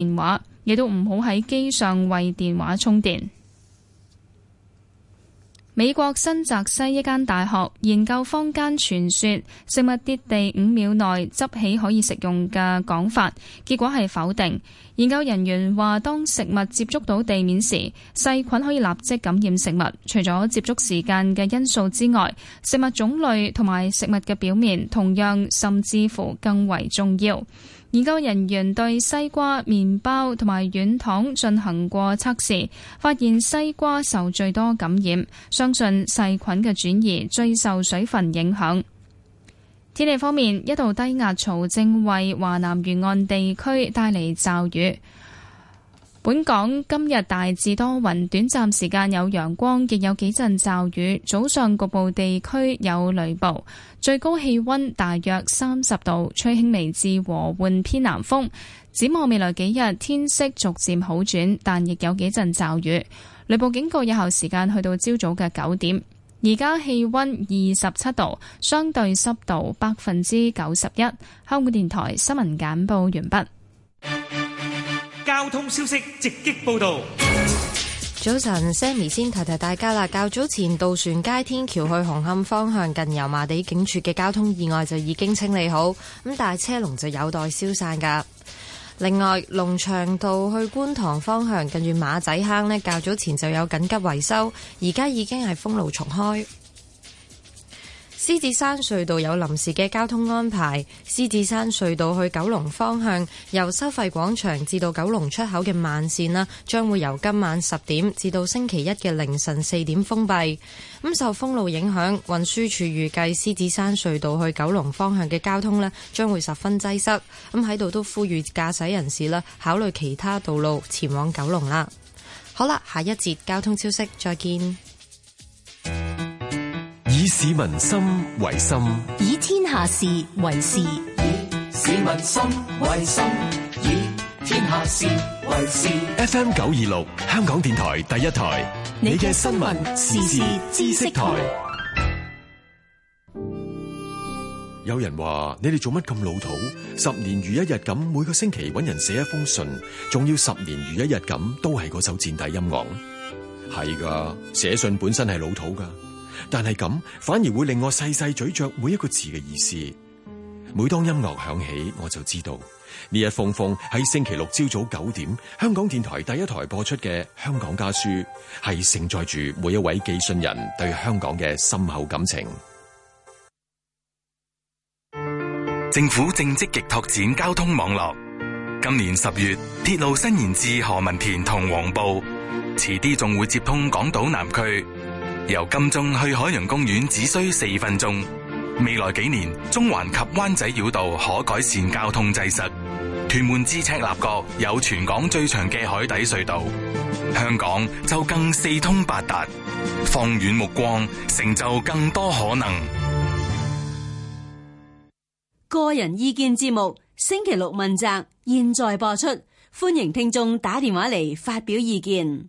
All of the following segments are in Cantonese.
電話，亦都唔好喺機上為電話充電。美國新澤西一間大學研究坊間傳說食物跌地五秒內執起可以食用嘅講法，結果係否定。研究人員話，當食物接觸到地面時，細菌可以立即感染食物。除咗接觸時間嘅因素之外，食物種類同埋食物嘅表面同樣，甚至乎更為重要。研究人員對西瓜、麵包同埋軟糖進行過測試，發現西瓜受最多感染。相信細菌嘅轉移最受水分影響。天氣方面，一道低壓槽正為華南沿岸地區帶嚟驟雨。本港今日大致多雲，短暫時間有陽光，亦有幾陣驟雨。早上局部地區有雷暴，最高氣溫大約三十度，吹輕微至和緩偏南風。展望未來幾日，天色逐漸好轉，但亦有幾陣驟雨，雷暴警告有效時間去到朝早嘅九點。而家氣溫二十七度，相對濕度百分之九十一。香港電台新聞簡報完畢。交通消息直擊報道。早晨，Sammy 先提提大家啦。較早前渡船街天橋去紅磡方向近油麻地警署嘅交通意外就已經清理好，咁但係車龍就有待消散㗎。另外，龍翔道去觀塘方向近住馬仔坑呢，較早前就有緊急維修，而家已經係封路重開。獅子山隧道有臨時嘅交通安排。獅子山隧道去九龍方向，由收費廣場至到九龍出口嘅慢線啦，將會由今晚十點至到星期一嘅凌晨四點封閉。咁受封路影響，運輸署預計獅子山隧道去九龍方向嘅交通咧，將會十分擠塞。咁喺度都呼籲駕駛人士啦，考慮其他道路前往九龍啦。好啦，下一節交通消息，再見。以市民心為心，以天下事為事。以市民心為心，以天下事為事。FM 九二六，香港電台第一台，你嘅新聞時事詩知識台。有人話：你哋做乜咁老土？十年如一日咁，每個星期搵人寫一封信，仲要十年如一日咁，都係嗰首墊底音樂。係噶，寫信本身係老土噶。但係咁，反而會令我細細咀嚼每一個字嘅意思。每當音樂響起，我就知道呢一封封喺星期六朝早九點香港電台第一台播出嘅香港家書，係承載住每一位寄信人對香港嘅深厚感情。政府正積極拓展交通網絡，今年十月鐵路伸延至何文田同黃埔，遲啲仲會接通港島南區。由金鐘去海洋公園只需四分鐘。未來幾年，中環及灣仔繞道可改善交通擠塞。屯門至赤鱲角有全港最長嘅海底隧道。香港就更四通八達。放遠目光，成就更多可能。個人意見節目，星期六問責，現在播出。歡迎聽眾打電話嚟發表意見。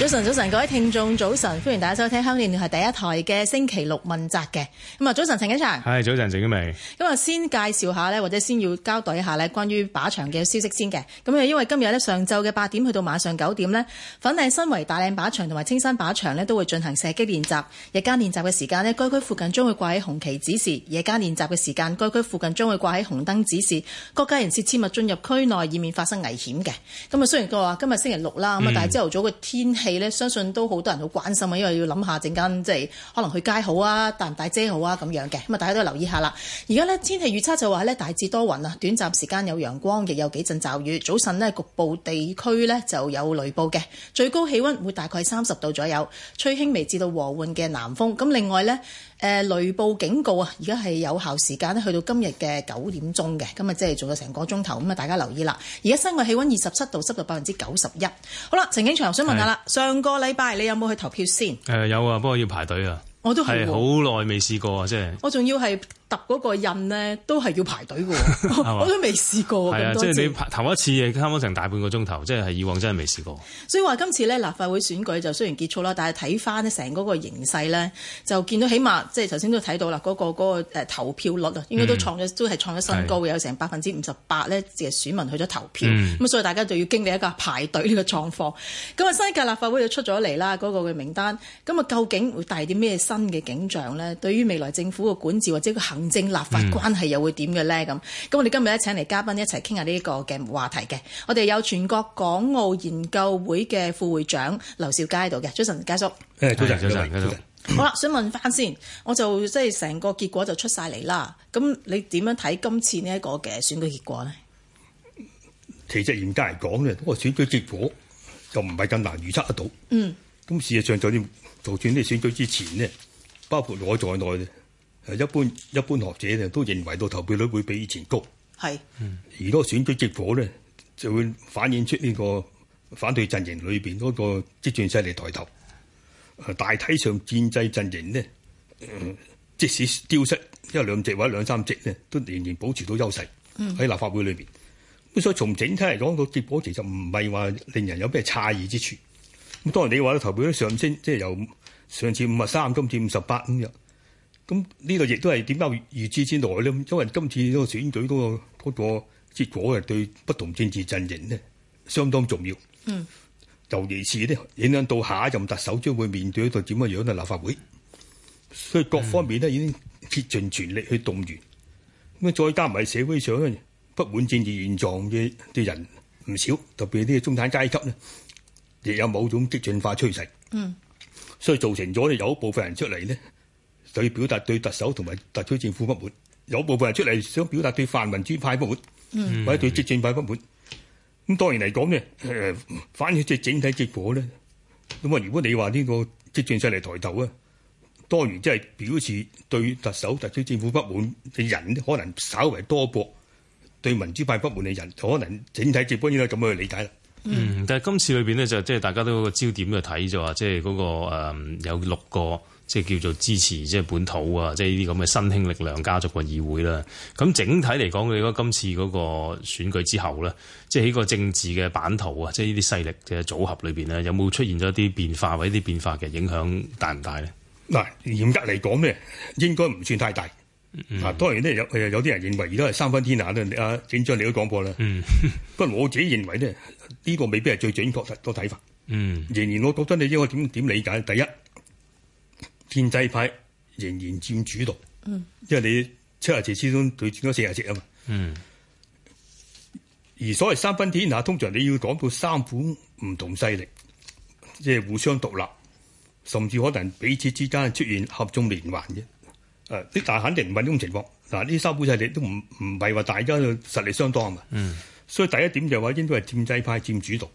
早晨，早晨，各位聽眾早晨，歡迎大家收聽香港電台第一台嘅星期六問責嘅。咁啊，早晨陳景祥，係早晨鄭婉薇。咁啊，先介紹下咧，或者先要交代一下咧，關於靶場嘅消息先嘅。咁啊，因為今日咧上晝嘅八點去到晚上九點咧，粉嶺新圍大嶺靶場同埋青山靶場咧都會進行射擊練習。日間練習嘅時間咧，該區附近將會掛喺紅旗指示；夜間練習嘅時間，該區附近將會掛喺紅燈指示。各界人士切勿進入區內，以免發生危險嘅。咁啊，雖然佢話今日星期六啦，咁啊，但係朝頭早嘅天氣。相信都好多人好關心啊，因為要諗下陣間即係可能去街好啊，帶唔帶遮好啊咁樣嘅，咁啊大家都留意下啦。而家呢，天氣預測就話咧，大致多雲啊，短暫時間有陽光，亦有幾陣驟雨。早晨咧，局部地區咧就有雷暴嘅，最高氣溫會大概三十度左右，吹輕微至到和緩嘅南風。咁另外咧。誒、呃、雷暴警告啊！而家係有效時間呢去到今日嘅九點鐘嘅，咁啊即係做咗成個鐘頭，咁啊大家留意啦！而家室外氣温二十七度，濕度百分之九十一。好啦，陳景祥想問下啦，是上個禮拜你有冇去投票先？誒、呃、有啊，不過要排隊啊。我都係好耐未試過啊，即係我仲要係。揼嗰個印呢都係要排隊嘅， 我都未試過。係啊， 即係你排頭一次嘅，差唔多成大半個鐘頭，即係以往真係未試過。所以話今次呢，立法會選舉就雖然結束啦，但係睇翻呢成嗰個形勢呢，就見到起碼即係頭先都睇到啦，嗰、嗰個嗰、嗰個、投票率啊，應該都創咗、嗯、都係創咗新高嘅，的有成百分之五十八呢。即係選民去咗投票。咁、嗯、所以大家就要經歷一個排隊呢個狀況。咁啊，新一屆立法會就出咗嚟啦，嗰、嗰個嘅名單。咁啊，究竟會帶啲咩新嘅景象呢？對於未來政府嘅管治或者個行，行政立法關係又會點嘅咧？咁咁、嗯，我哋今日咧，請嚟嘉賓一齊傾下呢個嘅話題嘅。我哋有全國港澳研究會嘅副會長劉兆佳度嘅，早晨，佳叔。誒、嗯，早晨，早晨，好啦，想問翻先，我就即係成個結果就出晒嚟啦。咁你點樣睇今次呢一個嘅選舉結果呢？其實嚴格嚟講呢個選舉結果就唔係咁難預測得到。嗯。咁事實上，就算做做呢選舉之前呢，包括我在內。一般一般學者咧都認為到投票率會比以前高，係是。嗯、而個選舉結果咧就會反映出呢個反對陣營裏邊嗰個激進勢力抬頭。大體上建制陣營咧，嗯、即使丟失一兩席或者兩三席咧，都仍然保持到優勢喺立法會裏邊。咁、嗯、所以從整體嚟講個結果其實唔係話令人有咩詫異之處，咁當然你話投票率上升，即係由上次五十三今次五十八咁樣。咁呢個亦都係點解預知之內咧？因為今次呢個選舉嗰個嗰個結果係對不同政治陣營咧相當重要。嗯，尤其是咧影響到下一任特首將會面對一個點樣樣嘅立法會，所以各方面咧已經竭盡全力去動員。咁啊，再加埋社會上不滿政治現狀嘅嘅人唔少，特別呢個中產階級咧，亦有某種激進化趨勢。嗯，所以造成咗咧有一部分人出嚟咧。就要表達對特首同埋特區政府不滿，有部分人出嚟想表達對泛民主派不滿，嗯、或者對激進派不滿。咁當然嚟講咧，反正即係整體結果咧。咁啊，如果你話呢個激進勢力抬頭啊，當然即係表示對特首、特區政府不滿嘅人，可能稍微多過對民主派不滿嘅人，可能整體結果應該咁去理解啦。嗯，嗯，但係今次裏邊呢，就即、是、係大家都個焦點去睇咗啊，即係嗰個有六個。即係叫做支持，即係本土啊！即係呢啲咁嘅新興力量家族嘅議會啦。咁整體嚟講，你覺得今次嗰個選舉之後咧，即係喺個政治嘅版圖啊，即係呢啲勢力嘅組合裏邊咧，有冇出現咗一啲變化或者啲變化嘅影響大唔大咧？嗱，嚴格嚟講咧，應該唔算太大。嗱，當然咧有有啲人認為而家係三分天下，都阿景祥你都講過啦。 不過我自己認為咧，呢、呢個未必係最準確嘅個睇法。嗯，仍然我覺得你應該點點理解？第一。建制派仍然佔主導，嗯、因為你七廿席之中佢佔咗四廿席啊嘛。嗯、而所謂三分天下，通常你要講到三款唔同勢力，即係互相獨立，甚至可能彼此之間出現合縱連橫嘅。誒，呢但肯定唔係呢種情況。嗱，呢三股勢力都唔唔係話大家嘅實力相當啊。嗯、所以第一點就話應該係建制派佔主導，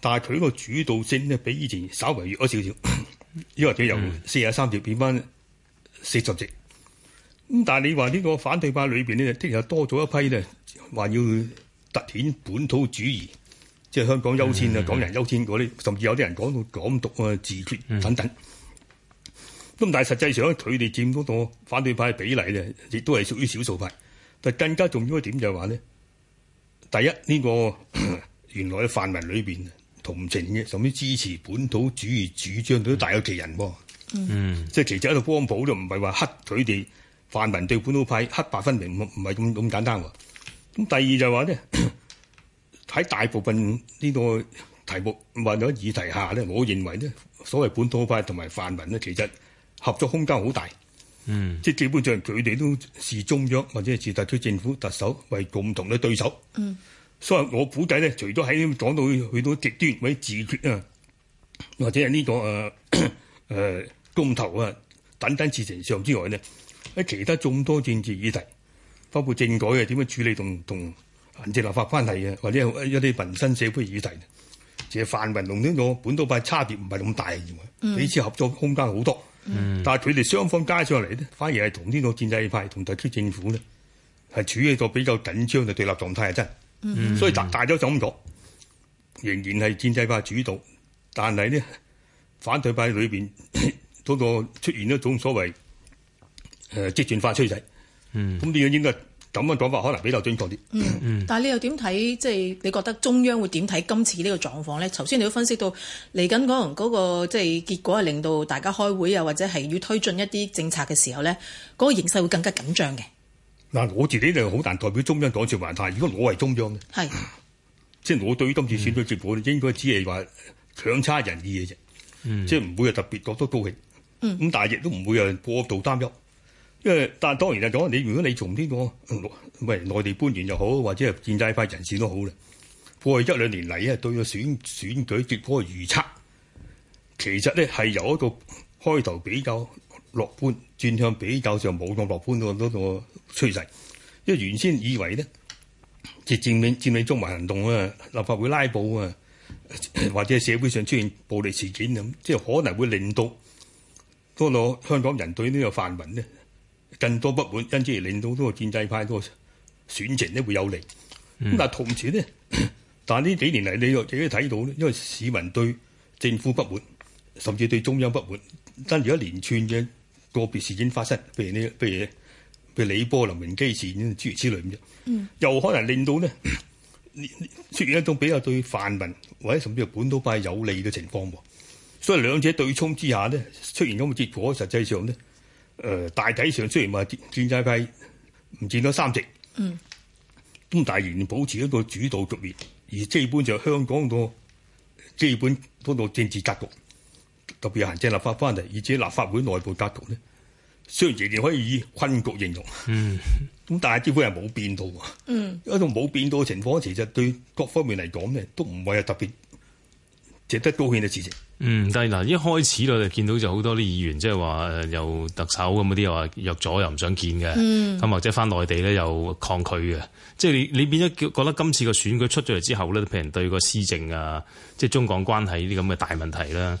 但係佢個主導性咧比以前稍微弱咗少少。 亦或者由四廿三席變翻四十席，咁但係你話呢個反對派裏邊呢，即係多咗一批呢，話要去突顯本土主義，即係香港優先啊，嗯嗯、港人優先嗰啲，甚至有啲人講到港獨啊、自決等等。咁、嗯、但係實際上，佢哋佔嗰個反對派比例呢，亦都係屬於少數派。但更加重要一點就係話呢，第一呢、呢個原來嘅範圍裏邊，同情嘅，甚至支持本土主義主張都大有其人喎。嗯，即係其實喺度光譜都唔係話黑佢哋泛民對本土派黑白分明，唔唔係咁咁簡單喎。咁第二就係話咧，喺大部分呢個題目或者議題下咧，我認為咧，所謂本土派同埋泛民咧，其實合作空間好大。嗯，即係基本上佢哋都視中央或者視特區政府特首為共同嘅對手。嗯。所以，我估計咧，除咗喺呢講到去到極端或者自決啊，或者係呢、呢個誒誒、呃呃、公投啊等等事情上之外咧，喺其他眾多政治議題，包括政改啊、點樣處理同同行政立法關係啊，或者一啲民生社會議題，其實泛民同呢個本土派差別唔係咁大嘅，彼此合作空間好多。Mm. 但係佢哋雙方加上嚟咧，反而係同呢個建制派同特區政府咧係處於一個比較緊張嘅對立狀態啊，真。嗯、所以大大都走唔仍然係建制派主導，但係呢反對派裏邊嗰個出現一種所謂誒即轉化趨勢，咁你個應該咁樣講法可能比較準確啲、嗯。嗯，但係你又點睇？即、就、係、是、你覺得中央會點睇今次個狀況呢個狀況咧？頭先你都分析到嚟緊嗰嗰個即係結果係令到大家開會啊，或者係要推進一啲政策嘅時候咧，嗰、那個形勢會更加緊張嘅。嗱，我自己就好難代表中央黨住話，但如果我係中央咧，是即係我對於今次選舉結果，應該只係話強差人意嘅啫，嗯、即係唔會係特別覺得高興，咁、嗯、但係亦都唔會係過度擔憂，因為但係當然就講你如果你從呢個唔係內地官援又好，或者係建制派人士都好啦，過去一兩年嚟啊，對個選選舉結果嘅預測，其實咧係由一個開頭比較。樂觀轉向比較上冇咁樂觀嗰嗰個趨勢，因為原先以為咧，即係佔領佔領中環行動啊，立法會拉布啊，或者係社會上出現暴力事件咁，即係可能會令到多啲香港人對呢個泛民咧更多不滿，因此而令到個建制派個選情咧會有利。咁、嗯、但係同時咧，但係呢幾年嚟，你又自己睇到咧，因為市民對政府不滿，甚至對中央不滿，跟住一連串嘅。個別事件發生，譬如呢，譬如譬如李波、林榮基事件諸如此類咁啫，嗯、又可能令到呢出現一種比較對泛民或者甚至係本土派有利嘅情況，所以兩者對沖之下呢，出現咁嘅結果，實際上呢，誒、呃、大體上雖然話戰戰爭派唔佔到三席，嗯，但係仍然保持一個主導局面，而基本就香港個基本都到政治格局。特別行政立法翻嚟，以至立法會內部格局，咧，雖然仍然可以以困局形容，咁、嗯、但係基本係冇變到。一種冇變到嘅情況，其實對各方面嚟講咧，都唔係特別值得高興嘅事情。嗯，但係嗱，一開始我哋見到就好多啲議員，即係話又特首咁嗰啲，又話約咗又唔想見嘅。咁、嗯、或者翻內地咧又抗拒嘅。即係、嗯、你你變咗，覺得今次嘅選舉出咗嚟之後咧，譬如對個施政啊，即係中港關係呢啲咁嘅大問題啦。嗯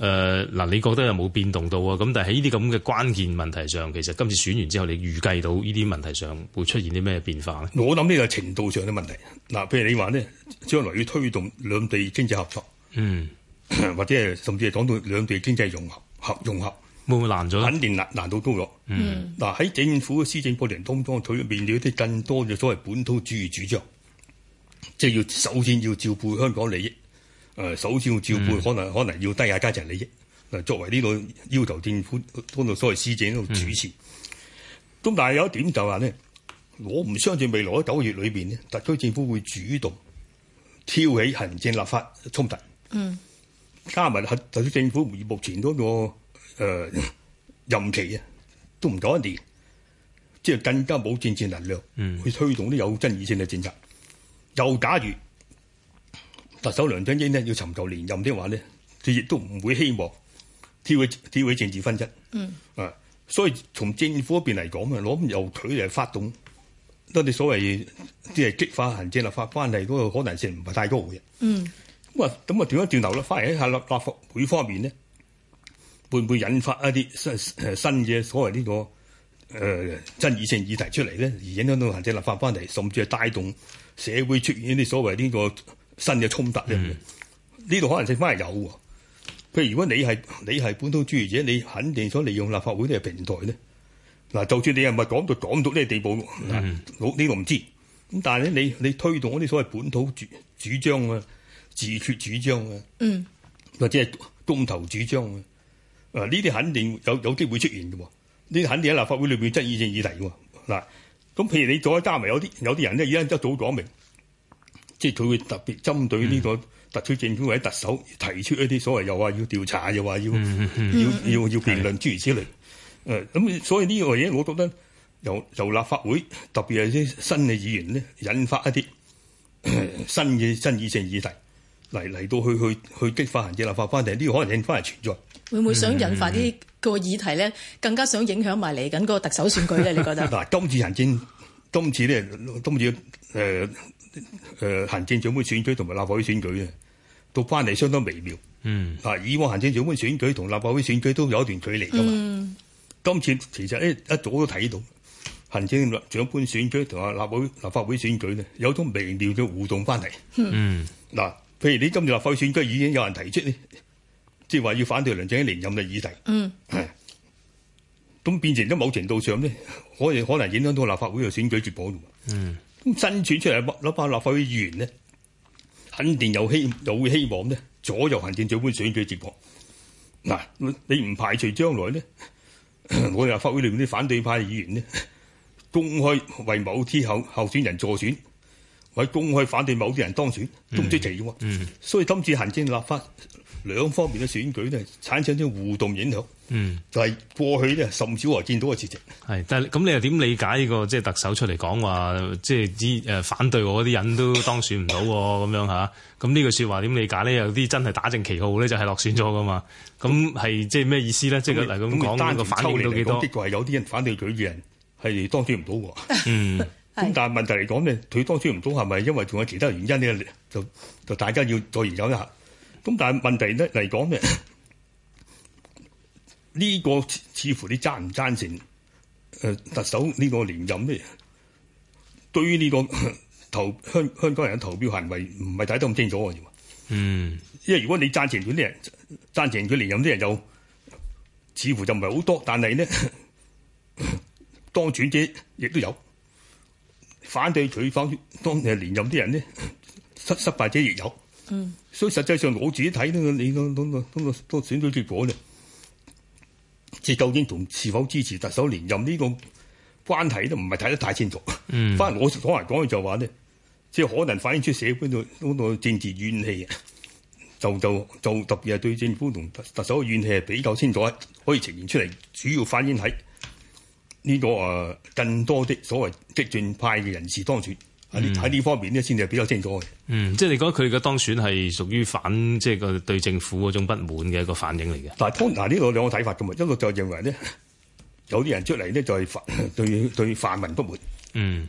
誒嗱、呃，你覺得有冇變動到啊？咁但係喺呢啲咁嘅關鍵問題上，其實今次選完之後，你預計到呢啲問題上會出現啲咩變化咧？我諗呢個程度上嘅問題，嗱，譬如你話呢，將來要推動兩地經濟合作，嗯，或者係甚至係講到兩地經濟融合、合融合，會唔會難咗？肯定難難度高咗。嗯，嗱喺、嗯、政府嘅施政過程當中，佢面對一啲更多嘅所謂本土主義主張，即係要首先要照顧香港利益。誒首先要照顧，可能、嗯、可能要低下階層利益。嗱，作為呢個要求政府嗰度所謂施政的主持，咁、嗯、但係有一點就話、是、呢：我唔相信未來喺九個月裏邊咧，特區政府會主動挑起行政立法衝突。嗯。加埋特區政府目前嗰個、呃、任期啊，都唔到一年，即係更加冇政治能量去推動啲有爭議性嘅政策。又假如～特首梁振英咧要尋求連任的話咧，佢亦都唔會希望挑起挑起政治紛爭。嗯啊，所以從政府嗰邊嚟講啊，攞由佢嚟發動嗰啲所謂啲係激化行政立法關係嗰個可能性唔係太高嘅。嗯，咁啊，咁啊，轉一轉頭啦，翻嚟喺下立法會方面咧，會唔會引發一啲新新嘅所謂呢、這個誒、呃、爭議性議題出嚟咧？而影響到行政立法關係，甚至係帶動社會出現啲所謂呢、這個。新嘅衝突咧，呢度、嗯、可能性翻係有。譬如如果你係你係本土主義者，你肯定想利用立法會呢個平台咧，嗱，就算你係唔係講到講到呢個地步，嗱、嗯，呢個唔知。咁但係咧，你你推動嗰啲所謂本土主主張啊、自決主張啊，嗯、或者係公投主張啊，啊呢啲肯定有有機會出現嘅喎。呢啲肯定喺立法會裏邊爭議性議題喎。嗱、啊，咁譬如你再加埋有啲有啲人咧，而家一早講明。即係佢會特別針對呢個特區政府或者特首提出一啲所謂又話要調查又話要要 要要辯論諸如此類，誒咁的、呃、所以呢個嘢我覺得由由立法會特別係啲新嘅議員咧，引發一啲新嘅新議政議題嚟嚟到去去去，去激發行政立法翻嚟，呢個可能性都係存在。會唔會想引發啲個議題咧？ 更加想影響埋嚟緊嗰個特首選舉咧？你覺得？嗱 今次行政今次咧，今次誒。呃誒、呃，行政長官選舉同埋立法會選舉啊，到翻嚟相當微妙。嗯，以往行政長官選舉同立法會選舉都有一段距離噶嘛。嗯，今次其實誒，一早都睇到行政長官選舉同啊立法會立法會選舉呢，有種微妙嘅互動翻嚟。嗯，嗱，譬如你今次立法會選舉已經有人提出呢，即係話要反對梁振英連任嘅議題。嗯，係，咁變成咗某程度上呢，可以可能影響到立法會嘅選舉結果。嗯。新選出嚟嘅立法會議員咧，肯定有希有希望咧，左右行政長官選舉嘅結果。嗱，你唔排除將來咧，我哋立法會裏面啲反對派議員咧，公開為某啲候候選人助選，或者公開反對某啲人當選，都唔出奇嘅喎。所以今次行政立法，兩方面嘅選舉咧，產生一啲互動影響，嗯、就係過去咧甚少話見到嘅事情。係，但係咁你又點理解呢、呢個即係特首出嚟講話，即係啲誒反對我啲人都當選唔到喎咁樣嚇？咁呢句説話點理解咧？有啲真係打正旗號咧，就係落選咗噶嘛？咁係、嗯、即係咩意思咧？嗯、即係嗱咁講，你你單獨抽離嚟講，結果係有啲人反對佢嘅人係當選唔到喎。嗯，咁但係問題嚟講咧，佢當選唔到係咪因為仲有其他原因咧？就就大家要再研究一下。咁但係問題咧嚟講咧，呢個似乎你贊唔贊成？誒，特首呢個連任咧，對於呢個投香香港人嘅投票行為，唔係睇得咁清楚。嗯，因為如果你贊成佢啲人，贊成佢連任啲人就似乎就唔係好多，但係咧，當選者亦都有，反對取訪，當誒連任啲人咧失失敗者亦有。嗯，所以實際上我自己睇呢個你個個個選舉結果咧，即究竟同是否支持特首連任呢個關係都唔係睇得太清楚。嗯，反而我講嚟講去就話呢，即係可能反映出社會度嗰度政治怨氣啊，就就就特別係對政府同特首嘅怨氣係比較清楚，可以呈現出嚟，主要反映喺呢個啊，呃，更多的所謂激進派嘅人士當選。喺呢、嗯、方面咧，先至係比較清楚嘅。嗯，即係你講佢嘅當選係屬於反即係個對政府嗰種不滿嘅一個反應嚟嘅。但係，Tony 呢個兩個睇法嘅嘛，一個就認為咧，有啲人出嚟咧就係、是、對對，對泛民不滿。嗯。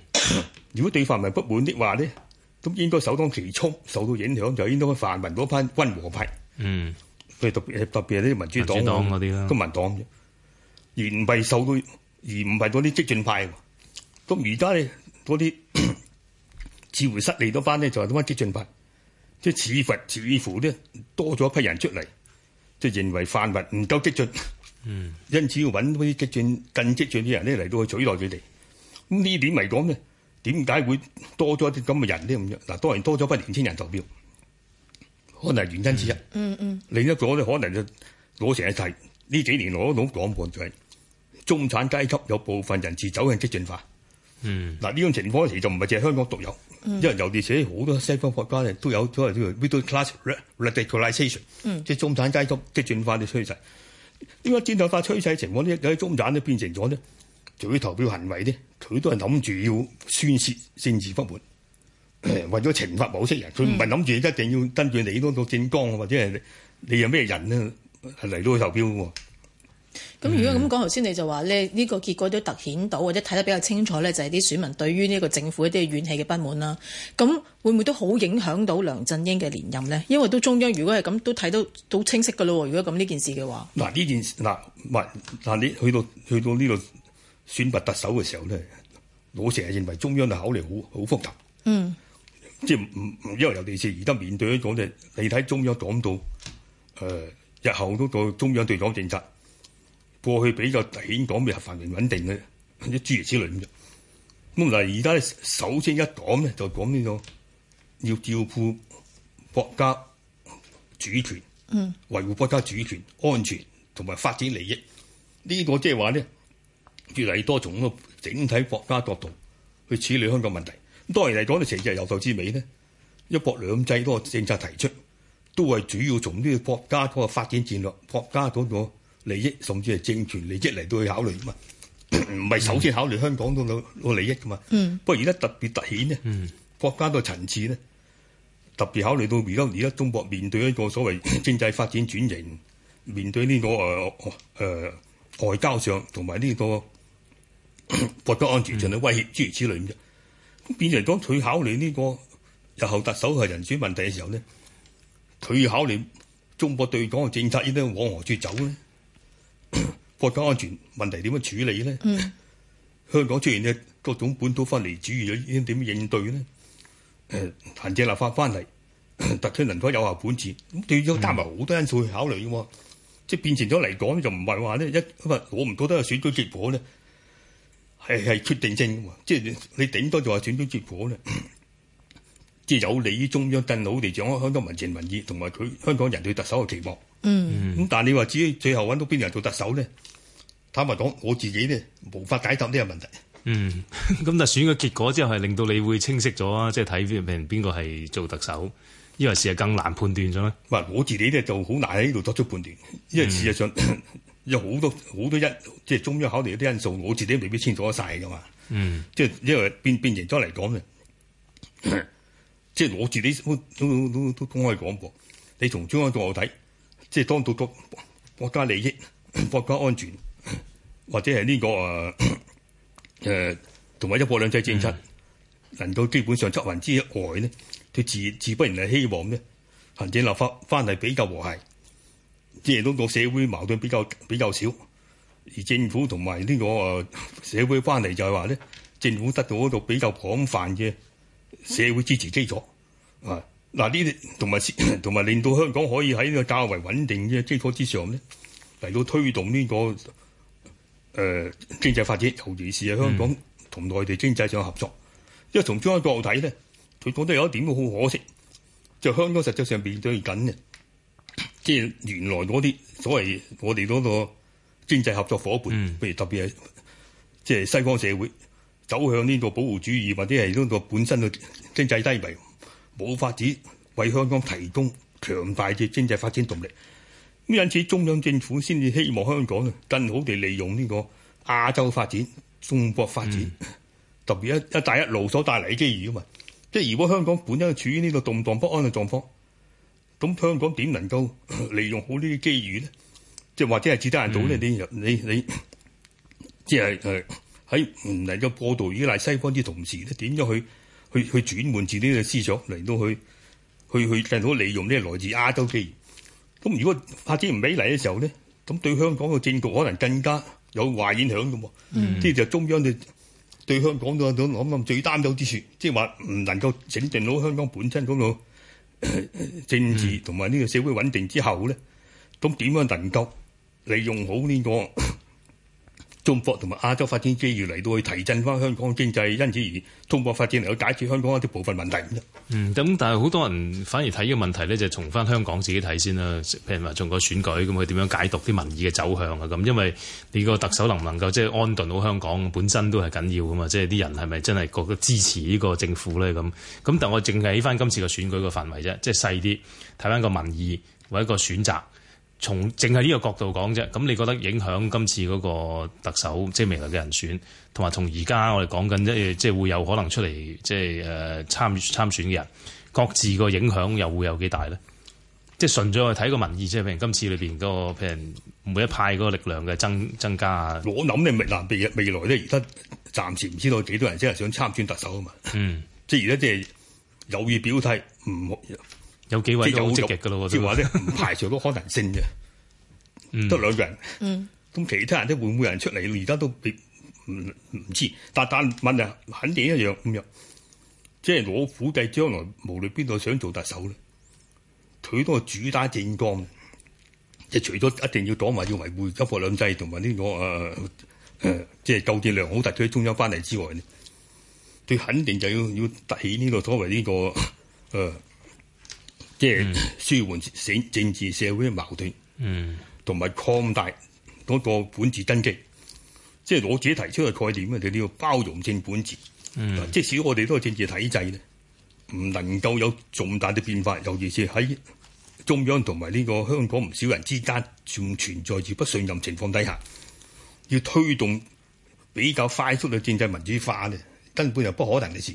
如果對泛民不滿的話咧，咁應該首當其衝受到影響就應該泛民嗰班溫和派。嗯。特別特別啲民主黨民主黨啲啦，公民黨啫。而唔係受到，而唔係嗰啲激進派。咁而家咧，嗰啲。似乎失利多班呢，就啲乜激進法？即係似乎似乎呢，多咗一批人出嚟，即係認為範圍唔夠激進，嗯、因此要揾啲激進更激進啲人咧嚟到去取代佢哋。咁呢點嚟講呢，點解會多咗啲咁嘅人呢？咁樣？嗱，當然多咗批年輕人投票，可能係原因之一。嗯嗯，嗯嗯另一個咧可能就攞成一齊呢幾年攞到港泛就係中產階級有部分人士走向激進化，嗯，嗱呢種情況其實就唔係淨係香港獨有，嗯、因為尤其是好多西方國家咧都有所謂呢個 middle class radicalization、嗯、即係中產階級的轉化嘅趨勢。點解戰鬥化趨勢嘅情況呢，有啲中產都變成咗呢，做啲投票行為呢，佢都係諗住要宣泄政治不滿，嗯、為咗懲罰某些人。佢唔係諗住一定要跟住你到到政綱或者係你有咩人呢咧嚟到去投票喎。咁、嗯、如果咁講，頭先你就話咧，呢個結果都突顯到或者睇得比較清楚咧，就係、是、啲選民對於呢個政府一啲怨氣嘅不滿啦。咁會唔會都好影響到梁振英嘅連任呢？因為都中央如果係咁，都睇到好清晰噶咯。如果咁呢件事嘅話，嗱呢、嗯、件事嗱唔嗱你去到去到呢度選拔特首嘅時候咧，我成日認為中央嘅考慮好好複雜，嗯，即係唔唔因為尤其係而家面對一種嘅你睇中央講到、呃、日後都到中央對港政策。過去比較第一講嘅係繁榮穩定嘅，一諸如此類咁啫。咁而家咧，首先一講咧就講呢、這個要照顧國家主權，嗯，維護國家主權、安全同埋發展利益。呢、這個即係話咧，越嚟越多從個整體國家角度去處理香港問題。當當然嚟講，你成日由頭至尾呢，一國兩制嗰個政策提出，都係主要從呢個國家嗰個發展戰略、國家嗰個。利益，甚至係政權利益嚟到去考慮嘛？唔係、嗯、首先考慮香港嗰個利益噶嘛？嗯。不過而家特別突顯咧，嗯、國家個層次呢，特別考慮到，而家而家中國面對一個所謂 經濟發展轉型，面對呢、這個誒誒、呃呃、外交上同埋呢個、嗯、國家安全上嘅威脅，諸如此類咁啫。咁變咗嚟講，佢考慮呢個日後特首係人選問題嘅時候呢，佢考慮中國對港嘅政策應該往何處走呢？ 國家安全問題點樣處理呢？嗯、香港出現嘅各種本土分離主義，又應點應對呢？誒、呃，行政立法翻嚟，特區能否有效管治？咁都要加埋好多因素去考慮嘅，即係變成咗嚟講就唔係話呢。一，我唔覺得選舉結果呢，係係決定性嘅，即係你頂多就話選舉結果呢，即係有利中央更好地掌握香港民情民意，同埋佢香港人對特首嘅期望。嗯，咁但係你話至於最後揾到邊人做特首咧？坦白講，我自己咧無法解答呢個問題。嗯，咁但係選嘅結果之後就係令到你會清晰咗啊！即係睇譬如邊個係做特首，因為事實更難判斷咗啦。唔，我自己咧就好難喺呢度作出判斷，因為事實上有好、嗯、多好多因，即係中央考慮啲因素，我自己未必清楚得晒噶嘛。嗯，即係因為變變形咗嚟講嘅，即係我自己都都都都公開講過，你從中央角度睇。即係當到國國家利益、國家安全，或者係呢、這個誒誒，同、呃、埋一國兩制政策能夠基本上出雲之外咧，都自自不然係希望咧，行政立法關係比較和諧，即係嗰個社會矛盾比較比較少，而政府同埋呢個、呃、社會關係就係話咧，政府得到一個比較廣泛嘅社會支持基礎啊。嗱，呢啲同埋同埋令到香港可以喺呢個較為穩定嘅基礎之上咧，嚟到推動呢、這個誒、呃、經濟發展，尤其是係香港同內地經濟上合作。嗯、因為從中央角度睇咧，佢覺得有一點好可惜，就是，香港實際上面對緊嘅，即、就、係、是、原來嗰啲所謂我哋嗰個經濟合作夥伴，譬、嗯、如特別係即係西方社會走向呢個保護主義或者係呢個本身嘅經濟低迷。冇法子為香港提供強大嘅經濟發展動力，因此中央政府先至希望香港咧更好地利用呢個亞洲發展、中國發展，嗯、特別一一帶一路所帶嚟嘅機遇啊嘛！即係如果香港本身處於呢個動盪不安嘅狀況，咁香港點能夠利用好呢啲機遇呢？即係或者係只得人到呢、嗯？你你你，即係係喺唔能夠過度依賴西方嘅同時咧，點樣去？去去轉換自己嘅思想嚟到去去去更好利用呢來自亞洲資源。咁如果發展唔起嚟嘅時候咧，咁對香港嘅政局可能更加有壞影響嘅。嗯，即係就中央對對香港都諗諗最擔憂之處，即係話唔能夠整定到香港本身嗰個政治同埋呢個社會穩定之後咧，咁點、嗯、樣能夠利用好呢個？中國同埋亞洲發展機遇嚟到去提振翻香港經濟，因此而中國發展嚟到解決香港一啲部分問題咁嗯，咁但係好多人反而睇呢個問題咧，就係、從翻香港自己睇先啦。譬如話從個選舉咁，佢點樣解讀啲民意嘅走向啊咁？因為你個特首能唔能夠即係安頓好香港本身都係緊要噶嘛？即係啲人係咪真係覺得支持呢個政府咧咁？咁但我淨係喺翻今次個選舉個範圍啫，即係細啲睇翻個民意或者個選擇。從淨係呢個角度講啫，咁你覺得影響今次嗰個特首即係、就是、未來嘅人選，同埋從而家我哋講緊即係即係會有可能出嚟即係誒、啊、參參選嘅人，各自個影響又會有幾大咧？即係純粹去睇個民意，即係譬如今次裏邊嗰個譬如每一派嗰個力量嘅增增加啊。我諗你未嗱未未來咧，而家暫時唔知道幾多人真係想參選特首啊嘛。嗯，即係而家即係有意表態，唔有幾位都好積極噶咯，我哋話咧唔排除到可能性嘅，得、嗯、兩個人。咁、嗯、其他人都會唔會有人出嚟？而家都別唔唔知。但但問題，肯定一樣咁樣。即係我估計將來無論邊度想做特首咧，佢都係主打政綱，即係除咗一定要擋埋要維護一國兩制同埋呢個誒誒，即係構建良好特區中央關係之外咧，佢肯定就要要凸起呢、這個所謂呢、這個誒。呃即係舒緩政政治社會嘅矛盾，同埋擴大嗰個管治根基。即係我自己提出嘅概念啊，我哋要包容性政治。嗯，即使我哋都係政治體制咧，唔能夠有重大嘅變化。尤其是喺中央同埋呢個香港唔少人之間仲存在住不信任情況底下，要推動比較快速嘅政治民主化咧，根本就不可能嘅事。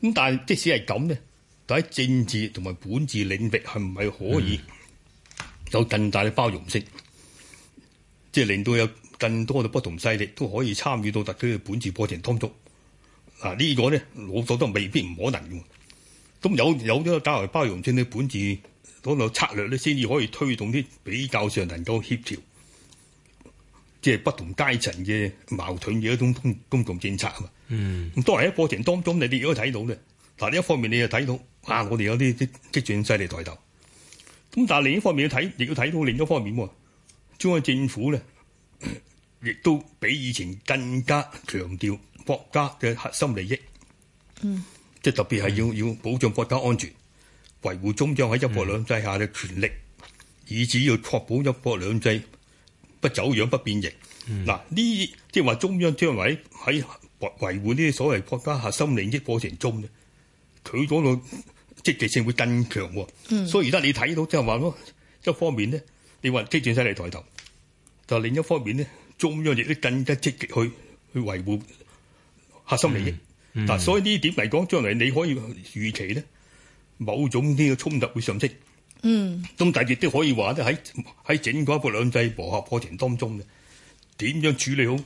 咁但即使係咁咧。但喺政治同埋管治領域，係唔係可以有更大嘅包容性？嗯、即係令到有更多嘅不同勢力都可以參與到特區嘅管治過程當中。嗱、啊，這個、呢個咧，我覺得未必唔可能用。咁有有啲嘅較為包容性嘅管治嗰策略咧，先至可以推動啲比較上能夠協調，即、就、係、是、不同階層嘅矛盾嘅一種公共政策啊嘛。嗯。咁當然喺過程當中，你哋亦都睇到咧。嗱，呢一方面你就睇到，啊，我哋有啲啲激進勢力抬頭。咁但係另一方面要睇，亦要睇到另一方面喎。中央政府咧，亦都比以前更加強調國家嘅核心利益。嗯。即係特別係要要保障國家安全，維護中央喺一國兩制下嘅權力，嗯、以至要確保一國兩制不走樣不變形。嗱、嗯，呢即係話中央將來喺維護呢啲所謂國家核心利益過程中佢個積極性會更強、哦，嗯，所以而家你睇到即係話咯，一方面咧，你話激戰犀利抬頭，就另一方面咧，中央亦都更加積極去去維護核心利益。嗱、嗯嗯啊，所以呢點嚟講，將來你可以預期咧，某種呢個衝突會上升。嗯，咁但亦都可以話咧，喺喺整個一國兩制磨合過程當中嘅，點樣處理好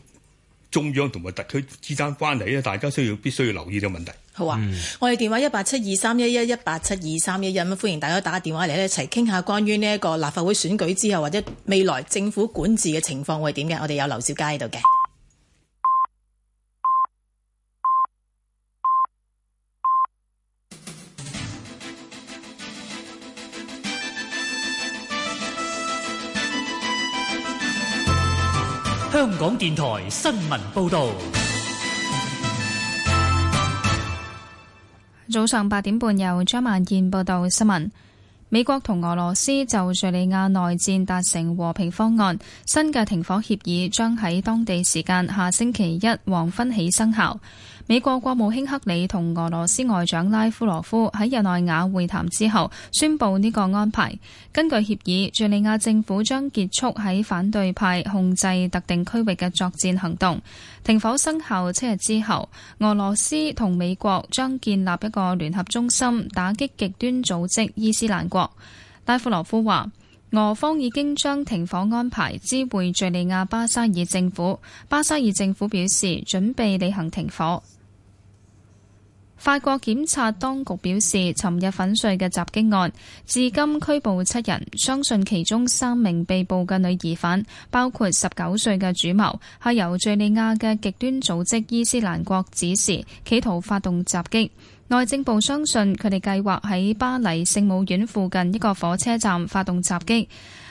中央同埋特區之間關係咧，大家需要必須要留意嘅問題。好啊！嗯、我哋電話一八七二三一一一八七二三一一，咁歡迎大家打電話嚟一齊傾下關於呢一個立法會選舉之後或者未來政府管治嘅情況會點嘅。我哋有劉兆佳喺度嘅。香港電台新聞報道。早上八點半由張曼燕報道新聞。美國同俄羅斯就敘利亞內戰達成和平方案，新嘅停火協議將喺當地時間下星期一黃昏起生效。美國國務卿克里同俄羅斯外長拉夫羅夫喺日內瓦會談之後，宣布呢個安排。根據協議，敘利亞政府將結束喺反對派控制特定區域嘅作戰行動。停火生效七日之後，俄羅斯同美國將建立一個聯合中心打擊極端組織伊斯蘭國。拉夫羅夫話，俄方已經將停火安排知會敘利亞巴沙爾政府。巴沙爾政府表示準備履行停火。法國檢察當局表示，尋日粉碎嘅襲擊案至今拘捕七人，相信其中三名被捕嘅女疑犯，包括十九歲嘅主謀，係由敘利亞嘅極端組織伊斯蘭國指示，企圖發動襲擊。內政部相信佢哋計劃喺巴黎聖母院附近一個火車站發動襲擊。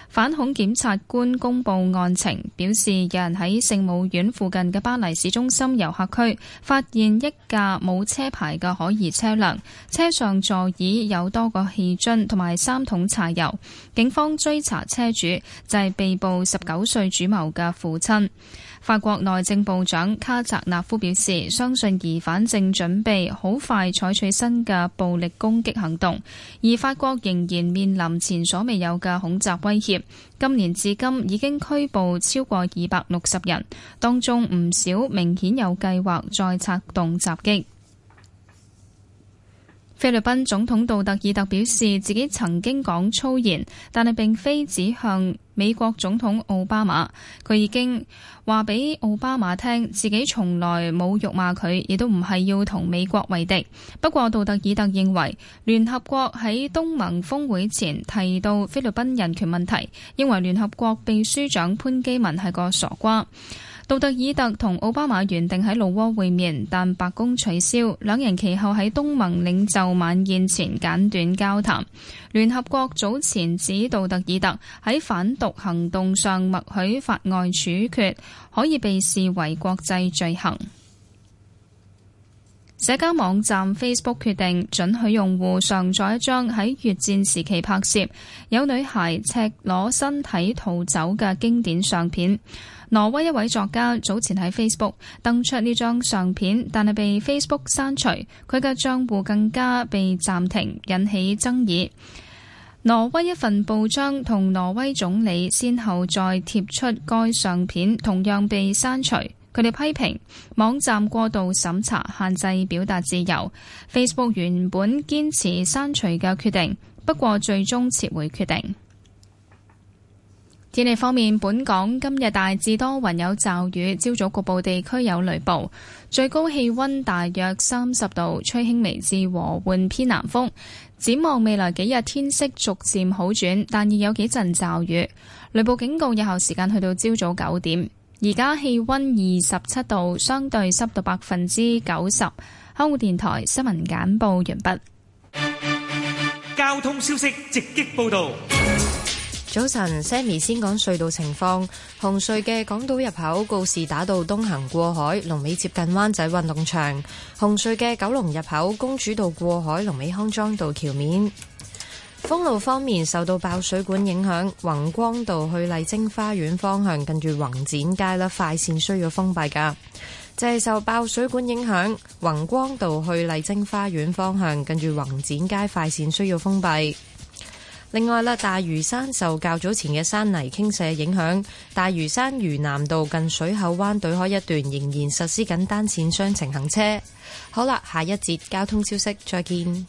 反恐檢察官公布案情，表示有人喺聖母院附近嘅巴黎市中心遊客區發現一架冇車牌嘅可疑車輛，車上座椅有多個氣樽同埋三桶柴油。警方追查車主，就係、是、被捕十九歲主謀嘅父親。法國內政部長卡澤納夫表示，相信疑犯正準備好快採取新嘅暴力攻擊行動，而法國仍然面臨前所未有嘅恐襲威脅。今年至今已經拘捕超過二百六十人，當中唔少明顯有計劃再策動襲擊。菲律賓總統杜特爾特表示，自己曾經講粗言，但係並非指向美國總統奧巴馬。佢已經話俾奧巴馬聽，自己從來冇辱罵佢，亦都唔係要同美國為敵。不過杜特爾特認為聯合國喺東盟峰會前提到菲律賓人權問題，認為聯合國秘書長潘基文係個傻瓜。杜特爾特同奧巴馬原定喺老撾會面，但白宮取消，兩人其後喺東盟領袖晚宴前簡短交談。聯合國早前指杜特爾特喺反毒行動上默許法外處決，可以被視為國際罪行。社交網站 Facebook 決定准許用戶上載一張喺越戰時期拍攝有女孩赤裸身體逃走嘅經典相片。挪威一位作家早前喺 Facebook 登出呢張相片，但係被 Facebook 刪除，佢嘅賬戶更加被暫停，引起爭議。挪威一份報章同挪威總理先後再貼出該相片，同樣被刪除。佢哋批評網站過度審查，限制表達自由。Facebook 原本堅持刪除嘅決定，不過最終撤回決定。天氣方面，本港今日大致多雲有驟雨，朝早局部地區有雷暴，最高氣溫大約三十度，吹輕微至和緩偏南風。展望未來幾日天色逐漸好轉，但仍有幾陣驟雨，雷暴警告有效時間去到朝早九點。而家氣溫二十七度，相對濕度百分之九十。香港電台新聞簡報完畢。交通消息直擊報道。早晨，Sammy 先講隧道情況。紅隧嘅港島入口告士打道東行過海，龍尾接近灣仔運動場。紅隧嘅九龍入口公主道過海，龍尾康莊道橋面。封路方面，受到爆水管影響，宏光道去麗晶花園方向近住宏展街啦，快線需要封閉噶。就係受爆水管影響，宏光道去麗晶花園方向近住宏展街快線需要封閉。另外啦，大嶼山受較早前嘅山泥傾瀉影響，大嶼山嶼南道近水口灣對開一段仍然實施緊單線雙程行車。好啦，下一節交通消息再見。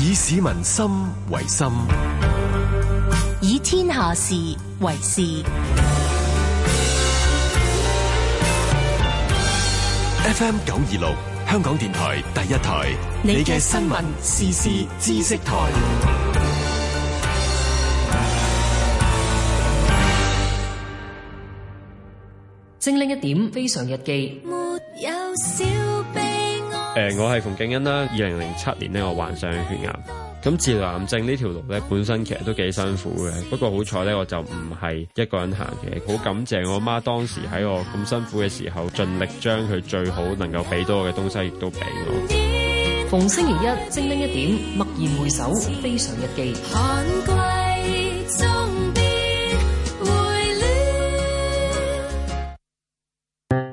以市民心為心，以天下事為事。F M 九二六。香港電台第一台，你嘅新聞時事知識台，精靈一點非常日記。誒，我係馮景恩啦。二零零七年呢，我患上血癌。咁治癌症呢條路咧，本身其實都幾辛苦嘅。不過好彩咧，我就唔係一個人行嘅，好感謝我媽當時喺我咁辛苦嘅時候，盡力將佢最好能夠俾到我嘅東西，亦都俾我。逢星期一精靈一點，驀然回首，非常日記。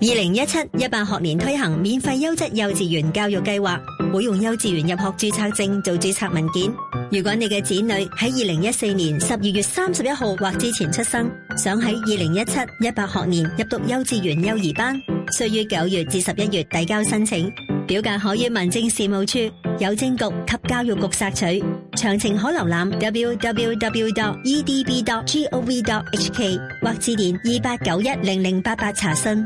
二零一七一八學年推行免費優質幼稚園教育計劃，會用幼稚園入學注冊證做注冊文件。如果你嘅子女喺二零一四年十二月三十一號或之前出生，想喺二零一七一八學年入讀幼稚園幼兒班，需於九月至十一月遞交申請，表格可於民政事務處、郵政局及教育局索取。詳情可瀏覽 www.edb.gov.hk 或致電二八九一零零八八查詢。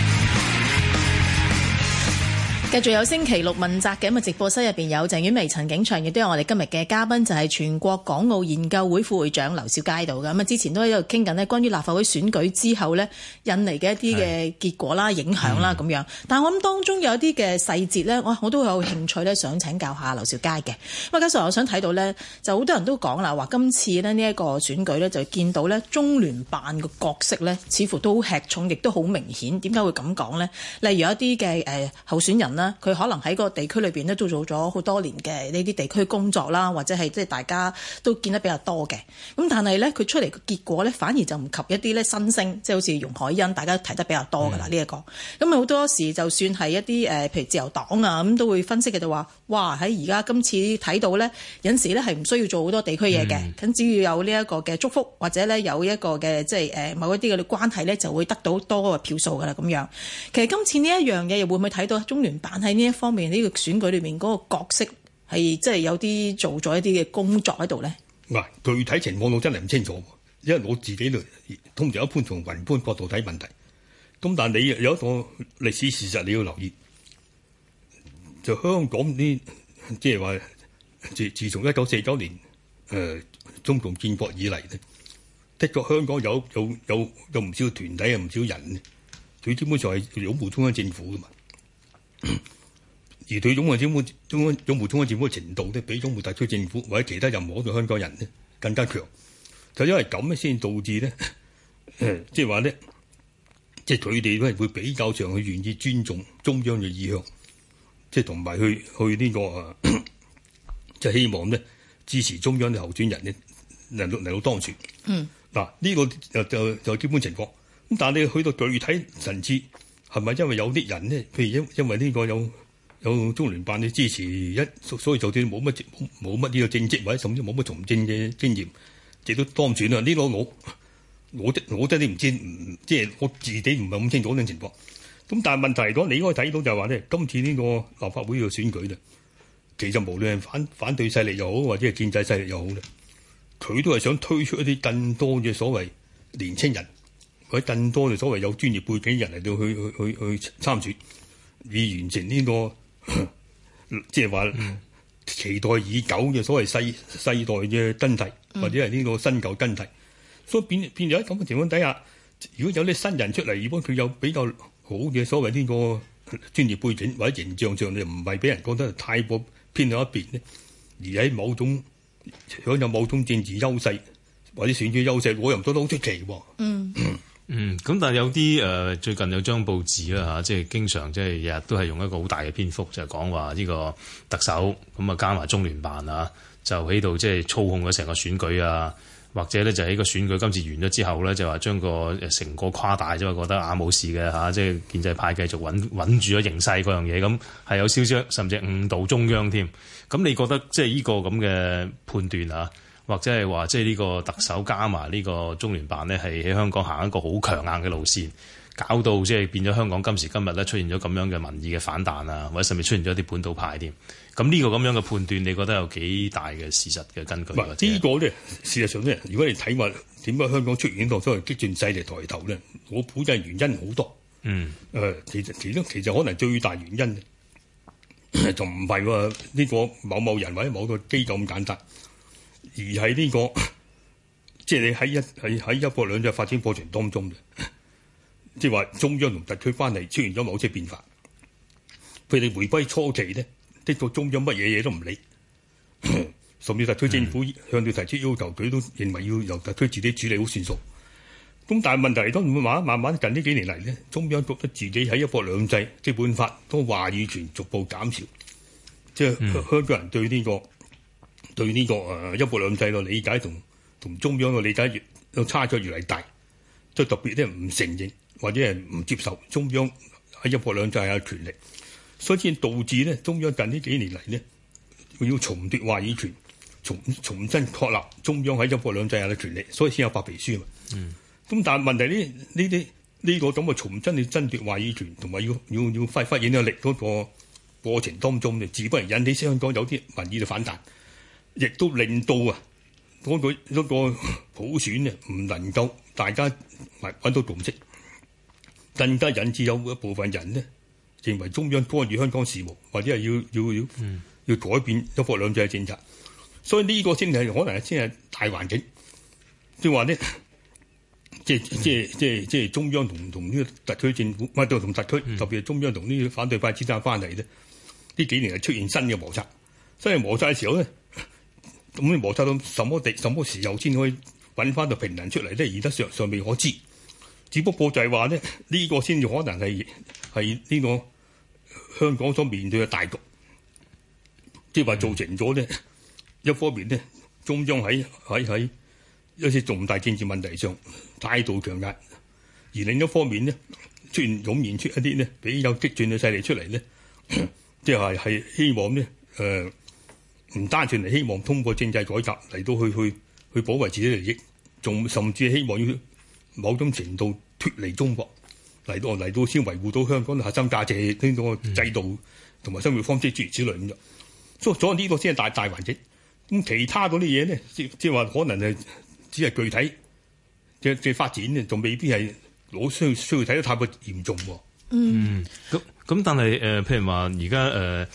繼續有星期六問責嘅咁啊！直播室入邊有鄭婉薇、陳景祥，亦都有我哋今日嘅嘉賓，就係、是、全國港澳研究會副會長劉兆佳度嘅。咁啊，之前都喺度傾緊咧，關於立法會選舉之後呢引嚟嘅一啲嘅結果啦、的影響啦咁樣。的但係我諗當中有啲嘅細節呢，我我都會有興趣呢想請教下劉兆佳嘅。咁啊，加上我想睇到呢，就好多人都講啦，話今次呢一個選舉呢就見到呢中聯辦嘅角色呢，似乎都吃重，亦都好明顯。點解會咁講呢？」例如一啲嘅誒候選人佢可能喺個地區裏邊咧都做咗好多年嘅呢啲地區工作啦，或者係即係大家都見得比較多嘅。咁但係咧，佢出嚟嘅結果咧，反而就唔及一啲咧新星，即係好似容海恩，大家提得比較多㗎啦呢一個。咁啊好多時就算係一啲誒，譬如自由黨啊，咁都會分析嘅就話：哇！喺而家今次睇到咧，有時咧係唔需要做好多地區嘢嘅，咁只要有呢一個嘅祝福，或者咧有一個嘅即係誒某一啲嘅關係咧，就會得到多個票數㗎啦咁樣。其實今次呢一樣嘢，又會唔會睇到中聯辦？但係呢一方面呢，這個選舉裏面嗰，那個角色係真係有啲做咗一啲嘅工作喺度咧。嗱，啊，具體情況我真係唔清楚，因為我自己就通常一般從宏觀角度睇問題。咁但係你有一個歷史事實你要留意，就香港呢，即係話自自從一九四九年，誒、呃，中共建國以嚟呢，的確香港有有有有唔少團體，有唔少人佢基本上係擁護中央政府噶嘛。 而對中央政府、中央總部、中央政府嘅程度咧，比總部特區政府或者其他任何一個香港人咧，更加強。就因為咁先導致呢，即係話呢，即係佢哋都係會比較上去願意尊重中央嘅意向，即係同埋去去呢個啊，就是，希望咧支持中央嘅候選人咧嚟到嚟到當選。嗯，嗱呢個就就就基本情況。咁但係你去到具體層次。係咪因為有啲人咧，譬如因因為呢個有有中聯辦嘅支持，一所以就算冇乜冇乜呢個政績，或者甚至冇乜從政嘅經驗亦都當選啦。呢個我，我我真係唔知，即係我自己唔係咁清楚呢種情況。咁但係問題嚟講，你應該睇到就係話咧，今次呢個立法會嘅選舉咧，其實無論係反反對勢力又好，或者係建制勢力又好啦，佢都係想推出一啲更多嘅所謂年青人。佢更多嘅所謂有專業背景嘅人嚟到去去去去參選，以完成呢、這個即係話期待已久嘅所謂世世代嘅更替，或者係呢個新舊更替。所以變變咗喺咁嘅情況底下，如果有啲新人出嚟，如果佢有比較好嘅所謂呢個專業背景或者形象上，又唔係俾人覺得太過偏向一邊咧，而喺某種享有某種政治優勢或者選舉優勢，我又唔覺得好出奇喎。嗯。 嗯，咁但係有啲誒，最近有張報紙啦，即係經常即係日日都係用一個好大嘅篇幅就係講話呢個特首咁啊，加埋中聯辦啊，就喺度即係操控咗成個選舉啊，或者咧就喺個選舉今次完咗之後咧，就話將個成個誇大啫嘛，覺得啊冇事嘅嚇，即係建制派繼續穩穩住咗形勢嗰樣嘢，咁係有少少甚至誤導中央添。咁你覺得即係呢個咁嘅判斷啊？或者係話，即係呢個特首加埋呢個中聯辦呢係喺香港行一個好強硬嘅路線，搞到即係變咗香港今時今日咧出現咗咁樣嘅民意嘅反彈啊，或者甚至出現咗啲本土派添。咁呢個咁樣嘅判斷，你覺得有幾大嘅事實嘅根據？個呢個咧事實上咧，如果你睇埋點解香港出現咗所謂激進勢力抬頭咧，我估計原因好多。嗯，誒、呃，其實其中其實可能最大原因、呃、就唔係喎呢個某某人或者某個機構咁簡單。而係呢個即係你喺一係喺一國兩制發展過程當中嘅，即係話中央同特區翻嚟出現咗某些變化。佢哋回歸初期咧，的個中央乜嘢嘢都唔理，甚至特區政府向佢提出要求，佢都認為要由特區自己處理好算數，咁但係問題都唔會話慢慢近呢幾年嚟咧，中央覺得自己喺一國兩制基本法中話語權逐步減少，即係香港人對呢個。對呢個誒一國兩制嘅理解同同中央嘅理解都差咗越嚟越大，即係特別咧唔承認或者係唔接受中央喺一國兩制下嘅權力，所以先導致咧中央近呢幾年嚟咧要重奪話語權，重重新確立中央喺一國兩制下嘅權力，所以先有白皮書啊。嗯，咁但係問題呢呢啲呢個咁嘅、這個、重真去爭奪話語權，同埋要要要發發揮影響力嗰、這個過程當中就自不然引起香港有啲民意嘅反彈。亦都令到啊，嗰個嗰個普選咧，唔能夠大家揾到共識，更加引致有一部分人呢，認為中央干預香港事務，或者係要要要要改變一國兩制嘅政策。所以呢個先係可能先係大環境，即係話呢，即即即即中央同同呢個特區政府，唔係同特區，嗯、特別係中央同呢反對派之間關係啫。呢幾年係出現新嘅摩擦，所以摩擦嘅時候咧。咁你摩擦到什麼地、什麼時候先可以揾翻個平衡出嚟咧？而得尚尚未可知，只不過就係話咧，呢、這個先至可能係係呢個香港所面對嘅大局，即係話造成咗呢、嗯、一方面呢，中央喺喺喺一些重大政治問題上態度強壓，而另一方面呢，出現湧現出一啲呢比較激進嘅勢力出嚟呢，即係係希望呢。誒、呃。唔單純係希望通過政制改革嚟到去去去保衞自己利益，仲甚至希望要某種程度脫離中國嚟到嚟到先維護到香港的核心價值，呢個制度同埋生活方式諸如此類咁啫。嗯、所以這是大，所以呢個先係大大環境。咁其他嗰啲嘢咧，即即係話可能係只係具體即即係發展咧，仲未必係攞需需要睇得太過嚴重。嗯，咁咁，但係誒、呃，譬如話而家誒。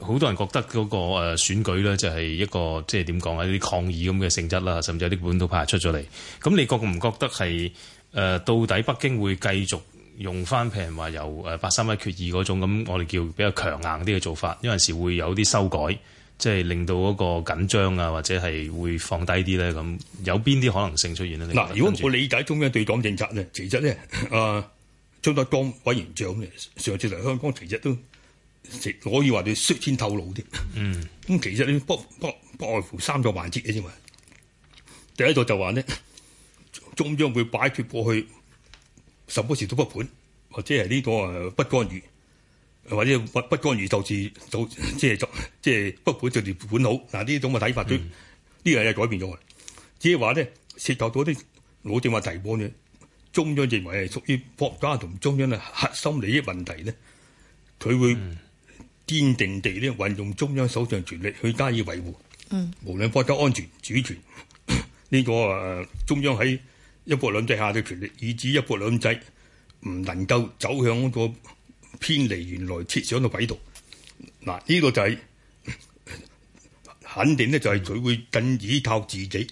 好多人覺得嗰個誒選舉咧，就係一個即係點講啊？啲抗議咁嘅性質啦，甚至有啲本土派出咗嚟。咁你覺唔覺得係誒？到底北京會繼續用翻譬如話由誒《八三一決議》嗰種咁，我哋叫比較強硬啲嘅做法？因為有陣時會有啲修改，即係令到嗰個緊張啊，或者係會放低啲咧。咁有邊啲可能性出現咧？嗱，如果我理解中央對港政策呢，其實咧，啊，張德江委員長呢，上次嚟香港其實都，可以話你率先透露啲，咁、嗯、其實呢不不不外乎三個環節嘅啫嘛。第一個就話呢，中央會擺脫過去什麼時都不管，或者係呢、這個誒不干預，或者不不干預就是做即係做即係不管就治管好。嗱，呢種嘅睇法都，呢樣嘢改變咗，即係話呢，涉及到啲我正話提過嘅，中央認為係屬於國家同中央嘅核心利益問題呢，佢會。嗯堅定地咧運用中央手上權力去加以維護，嗯、無論國家安全、主權呢、這個誒，中央喺一國兩制下嘅權力，以至一國兩制唔能夠走向嗰個偏離原來設想嘅軌道。嗱，呢、這個就係、是、肯定咧，就係佢會更倚靠自己，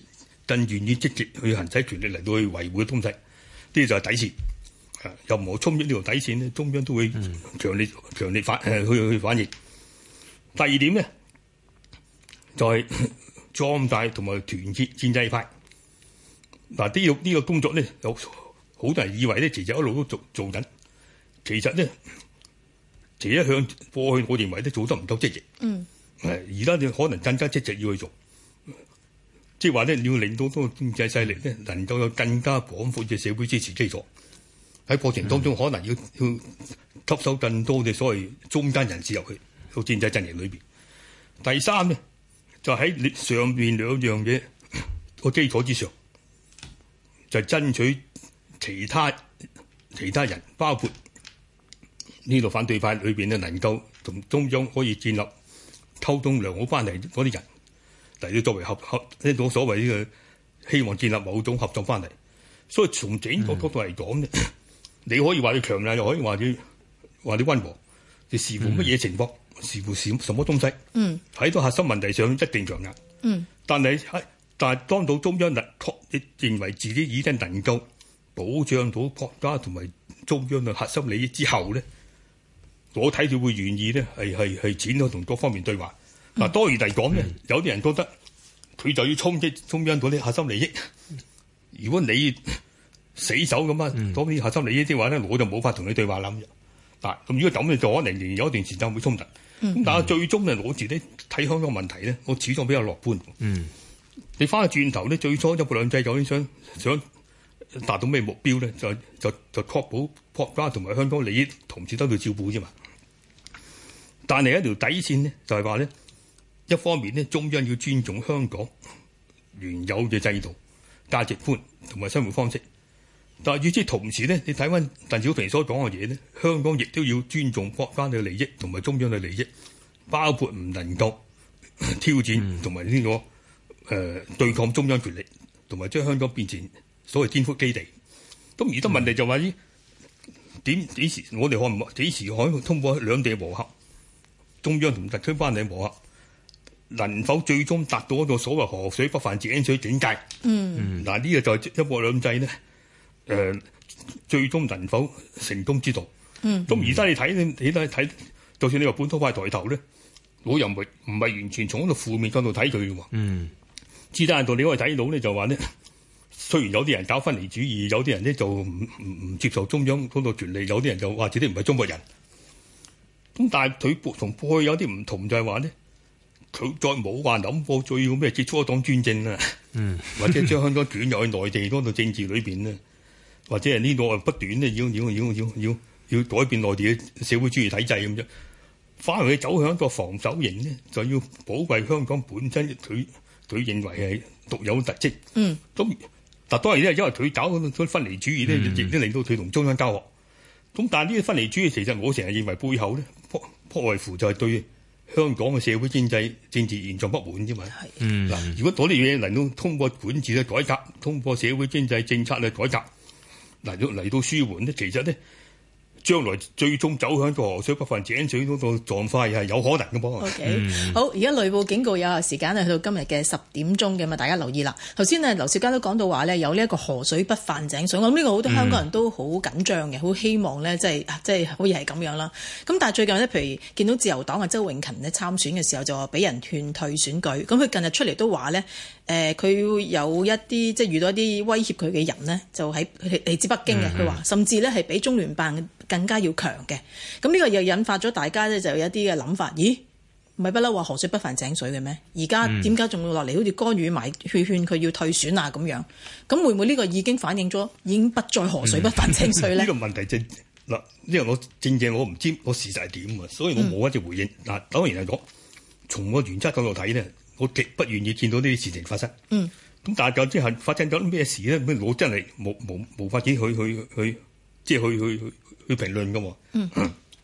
更願意積極去行使權力嚟到去維護嘅東西。呢、這個、就係底線。又任何衝擊呢條底線咧，中央都會強烈強、嗯、烈反誒、呃、去去反應。第二點咧，就係、是、壯、嗯、大同埋團結建制派。嗱、這個，呢個呢個工作咧，有好多人以為咧，其實一路都做做緊。其實咧，其實一向過去，我認為都做得唔夠積極。嗯。誒，而家你可能更加積極要去做，即係話咧，你要令到多建制勢力咧能夠有更加廣闊嘅社會支持基礎。喺過程當中，可能要要吸收更多嘅所謂中間人士入去到建制陣營裏邊。第三咧，就喺、是、上邊兩樣嘢個基礎之上，就是、爭取其他其他人，包括呢度反對派裏邊咧，能夠同中央可以建立溝通良好關係嗰啲人，嚟到作為合合呢種所謂嘅希望建立某種合作關係。所以從整個角度嚟講咧。嗯你可以話佢強硬，又可以話佢話佢溫和，你視乎乜嘢情況，嗯、視乎是什麼東西。嗯，喺到核心問題上一定強硬。嗯，但係係，但係當到中央立確認為自己已經能夠保障到國家同埋中央嘅核心利益之後咧，我睇佢會願意咧係係係展開同各方面對話。嗱，當然嚟講咧，有啲人覺得佢就要衝擊中央嗰啲核心利益。如果你死守咁啊！嗰啲、嗯、核心利益啲話咧，我就冇法同你對話啦，但咁如果走咧，做可能仍然有一段時間會，會衝突。嗯、但係最終咧，我自己睇香港問題咧，我始終比較樂觀。嗯、你翻去轉頭咧，最初一國兩制，究竟想想達到咩目標咧？就就就確保國家同埋香港利益同時得到照顧啫嘛。但係另一條底線咧，就係話咧，一方面咧，中央要尊重香港原有嘅制度、價值觀同埋生活方式。但係與之同時咧，你睇翻鄧小平所講嘅嘢咧，香港亦都要尊重國家嘅利益同埋中央嘅利益，包括唔能夠挑戰同埋呢個誒對抗中央權力，同埋將香港變成所謂顛覆基地。咁而得問題就係、是、咦，點幾時我哋可唔幾時可以通過兩地磨合，中央同特區翻嚟磨合，能否最終達到一個所謂河水不犯井水境界？嗯，嗱呢個就係一國兩制咧。誒、呃，最終能否成功之道？嗯，咁而家你睇你睇睇，就算你話本土派抬頭咧，我又唔唔係完全從一個負面角度睇佢嘅。嗯，至多喺度你可以睇到咧，就話呢，雖然有啲人搞分離主義，有啲人咧就唔唔唔接受中央嗰度權力，有啲人就話自己唔係中國人。咁但係佢同過去有啲唔同就係話呢，佢再冇話諗過最好咩接觸一黨專政啦，嗯，或者將香港捲入去內地嗰度政治裏邊呢。嗯 或者係呢個不斷咧，要要要要要改變內地嘅社會主義體制咁啫。反而佢走向一個防守型咧，就要保衞香港本身，佢佢認為係獨有特質。嗯。咁，但係當然因為佢搞咗分離主義咧，亦都令到佢同中央交惡。咁但係呢個分離主義，其實我成日認為背後咧，迫迫外乎就係對香港嘅社會經濟政治現狀不滿啫嘛。係的。嗱、嗯，如果嗰啲嘢能夠通過管治嘅改革，通過社會經濟政策嘅改革。嚟到嚟到舒緩咧，其實咧。將來最終走向、okay. 個，個河水不犯井水嗰個狀況，又係有可能嘅噃。O K，好，而家雷暴警告有時間係去到今日嘅十點鐘嘅嘛，大家留意啦。頭先咧，劉兆佳都講到話呢，有呢一個河水不犯井水，我諗呢個好多香港人都好緊張嘅，好希望呢，即係即係好似係咁樣啦。咁但係最近呢，譬如見到自由黨嘅周永勤咧參選嘅時候，就話俾人勸退選舉。咁佢近日出嚟都話呢，誒、呃，佢有一啲即係遇到一啲威脅佢嘅人呢，就喺嚟自北京嘅。佢話、嗯嗯、甚至呢，係俾中聯辦。更加要強嘅。咁呢個又引發咗大家咧，就有一啲嘅諗法。咦，咪不嬲話，河水不犯井水嘅咩？而家點解仲會落嚟好似干預埋勸勸佢要退選啊？咁樣咁會唔會呢個已經反映咗已經不再河水不犯井水咧？呢、嗯嗯、個問題正嗱，因為我正正我唔知我事實係點啊，所以我冇一隻回應嗱。當然係講從我原則角度睇呢，我極不願意見到呢啲事情發生。嗯，咁但係就之後發生咗咩事咧？我真係冇冇冇法子去去去即係去去。要評論噶，嗯，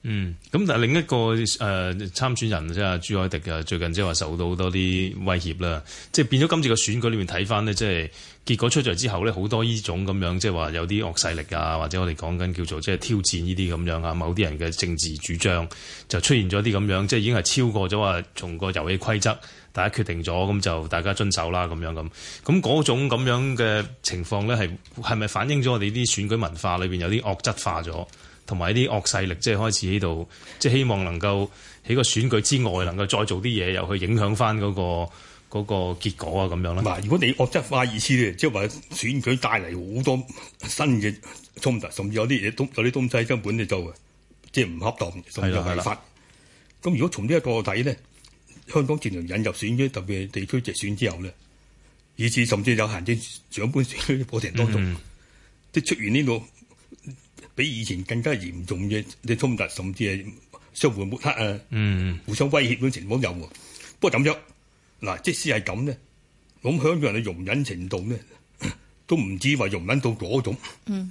嗯，咁、嗯、但係另一個誒、呃、參選人即係朱凱迪啊，最近即係話受到好多啲威脅啦，即係變咗今次嘅選舉裏面睇翻呢，即係結果出咗之後呢，好多呢種咁樣即係話有啲惡勢力啊，或者我哋講緊叫做即係挑戰呢啲咁樣啊，某啲人嘅政治主張就出現咗啲咁樣，即係已經係超過咗話從個遊戲規則大家決定咗咁就大家遵守啦咁樣咁，咁嗰種咁樣嘅情況咧係係咪反映咗我哋啲選舉文化裏邊有啲惡質化咗？同埋一啲惡勢力，即係開始喺度，即係希望能夠喺個選舉之外，能夠再做啲嘢，又去影響翻嗰、個嗰、個、結果啊咁樣啦，嗱，如果你惡質化意思，咧，即係話選舉帶嚟好多新嘅衝突，甚至有啲嘢東有啲東西根本就即係唔恰當，甚至違法。咁如果從呢一個睇咧，香港近年引入選舉，特別係地區直選之後咧，以至甚至有行政長官選舉過程當中、嗯、即都出現呢、個。比以前更加嚴重嘅嘅衝突，甚至係相互抹黑啊，嗯、互相威脅嘅情況有喎。不過咁樣嗱，即使係咁咧，咁香港人嘅容忍程度咧，都唔知話容忍到嗰種，嗯、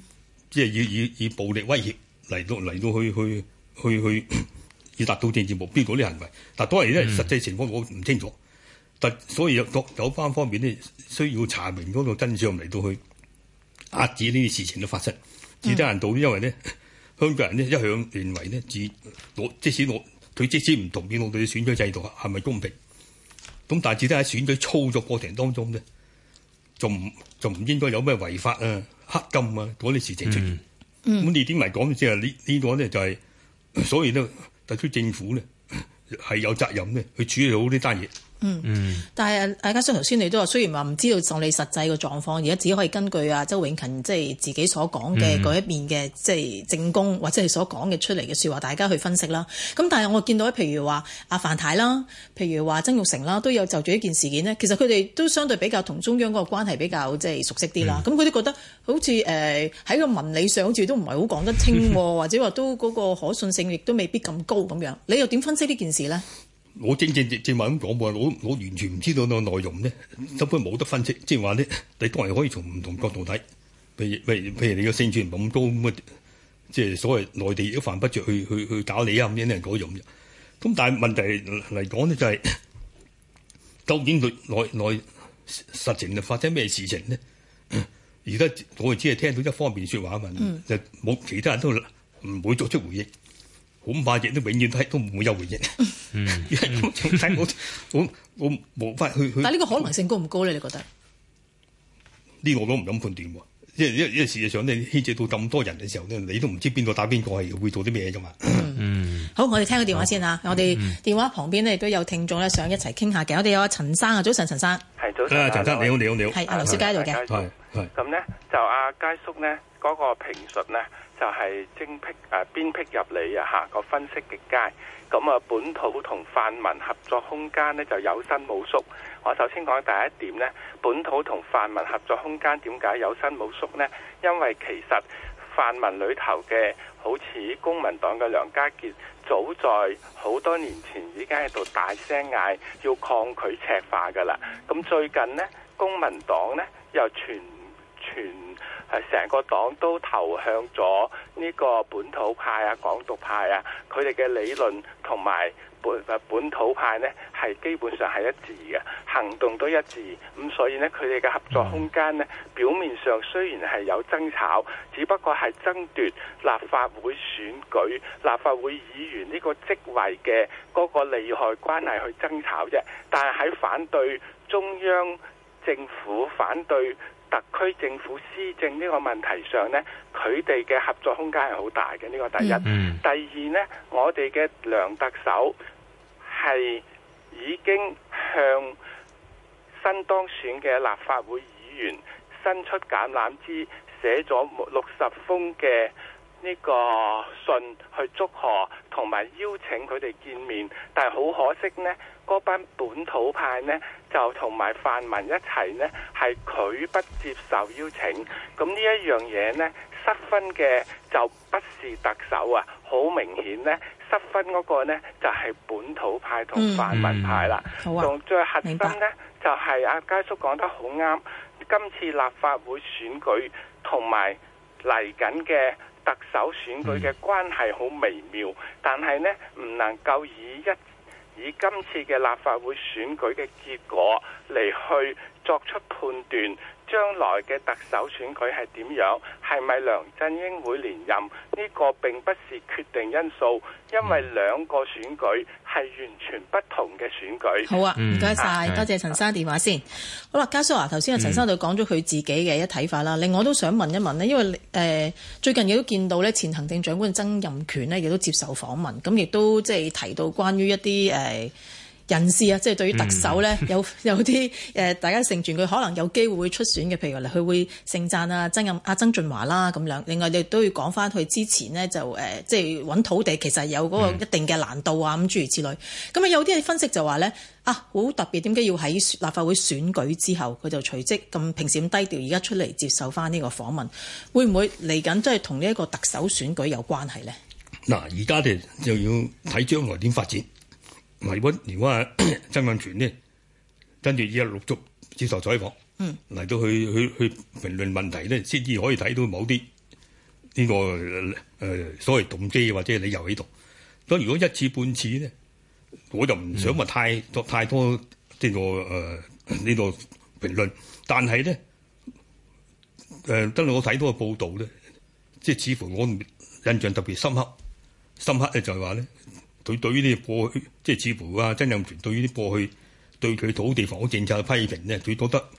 即係以以以暴力威脅嚟到嚟到去去去去，去以達到政治目標嗰啲行為。但當然咧，實際情況我唔清楚。嗯、但所以有有有關方面咧，需要查明嗰個真相嚟到去壓止呢啲事情嘅發生。只得人道，因為咧，香港人咧一向認為咧，我即使我佢即使唔同意我哋嘅選舉制度，係咪公平？咁但係只睇喺選舉操作過程當中咧，仲唔仲唔應該有咩違法啊、黑金啊嗰啲事情出現？咁你點嚟講即係呢呢個咧就係、是，所以咧，特區政府咧係有責任咧去處理好呢單嘢。嗯，嗯，但係大家佳叔，頭先你都話，雖然話唔知道受你實際嘅狀況，而家只可以根據阿周永勤即係自己所講嘅嗰一面嘅即係證供，嗯、或者係所講嘅出嚟嘅說話，大家去分析啦。咁但係我見到，譬如話阿范太啦，譬如話曾玉成啦，都有就住呢件事件呢，其實佢哋都相對比較同中央嗰個關係比較即係熟悉啲啦。咁佢哋覺得好似誒喺個文理上，好似都唔係好講得清， 或者話都嗰個可信性亦都未必咁高咁樣。你又點分析呢件事呢？我正正正正話咁講，我我完全唔知道個內容咧，根本冇得分析。即係話咧，你當然可以從唔同角度睇，譬如譬如譬如你個聲線唔係咁高，咁即係所謂內地都犯不著去去去搞你啊，咁啲人講嘢。咁但係問題嚟講咧，就係究竟佢內內，內實情就發生咩事情呢？而家我哋只係聽到一方面説話啊，就冇其他人都唔會作出回應，恐怕亦都永遠都都唔會有回應。但係呢個可能性高唔高咧？你覺得呢個我都唔敢判斷喎，因為因為事實上你牽涉到咁多人嘅時候咧，你都唔知邊個打邊個係會做啲咩嘅嘛。嗯，好，我哋聽個電話先啊。 我哋電話旁邊咧都有聽眾咧，想一齊傾下嘅。 我哋有阿陳生，陳生啊，早晨，陳生係早晨，陳生你好，你好，你好，係阿劉兆佳度嘅，咁、啊、咧，就阿、啊、佳叔咧。嗰個評述呢，就係、是、精辟誒編闢入嚟啊嚇個分析極佳，咁啊本土同泛民合作空間呢，就有伸冇縮。我首先講第一點呢，本土同泛民合作空間點解有伸冇縮呢？因為其實泛民裏頭嘅好似公民黨嘅梁家傑，早在好多年前已經喺度大聲嗌要抗拒赤化㗎喇。咁最近呢，公民黨呢，又全全。成個黨都投向咗呢個本土派啊、港獨派啊，佢哋嘅理論同埋本本土派呢，係基本上係一致嘅，行動都一致。咁所以呢，佢哋嘅合作空間呢，表面上雖然係有爭吵，只不過係爭奪立法會選舉、立法會議員呢個職位嘅嗰個利害關係去爭吵啫。但係喺反對中央政府、反對。特區政府施政呢個問題上呢，佢哋嘅合作空間係好大嘅。呢個第一，第二呢，我哋嘅梁特首係已經向新當選嘅立法會議員伸出橄欖枝，寫咗六十封嘅。呢個信去祝賀同埋邀請佢哋見面，但係好可惜呢。嗰班本土派呢，就同埋泛民一齊呢，係拒不接受邀請。咁呢一樣嘢呢，失分嘅就不是特首啊，好明顯呢，失分嗰個呢就係、是、本土派同泛民派啦。仲最、嗯啊、核心呢，白就係阿佳叔講得好啱，今次立法會選舉同埋嚟緊嘅。特首選舉嘅關係好微妙，但係呢，唔能夠以一，以今次嘅立法會選舉嘅結果嚟去作出判斷。將來嘅特首選舉係點樣？係咪梁振英會連任？呢、這個並不是決定因素，因為兩個選舉係完全不同嘅選舉。好啊，唔該晒，嗯、多謝陳生電話先。是好啦，佳教授頭先阿陳生就講咗佢自己嘅一睇法啦。嗯、另外我都想問一問呢，因為誒、呃、最近亦都見到呢，前行政長官曾蔭權呢，亦都接受訪問，咁亦都即係提到關於一啲誒。呃人士啊，即、就、係、是、對於特首咧、嗯、有有啲誒，大家承傳佢可能有機會出選嘅，譬如佢會盛讚啊曾蔭啊曾俊華啦咁樣。另外你都要講翻佢之前呢、呃，就誒，即係揾土地其實有嗰個一定嘅難度啊咁、嗯、諸如此類。咁啊有啲分析就話咧啊好特別，點解要喺立法會選舉之後佢就隨即咁平時咁低調，而家出嚟接受翻呢個訪問，會唔會嚟緊即係同呢一個特首選舉有關係咧？嗱，而家哋就要睇將來點發展。唔係，如果啊 曾蔭權呢跟住依家陸續接受採訪，嚟到去去去評論問題咧，先至可以睇到某啲呢、這個誒、呃、所謂動機或者理由喺度。所以如果一次半次咧，我就唔想話太，太多太多即個誒呢、呃這個評論，但係咧誒跟住我睇到嘅報道咧，即係似乎我印象特別深刻，深刻咧就係話咧。佢對於呢個過去即係似乎啊，曾蔭權對於啲過去對佢土地房屋政策嘅批評咧，佢覺得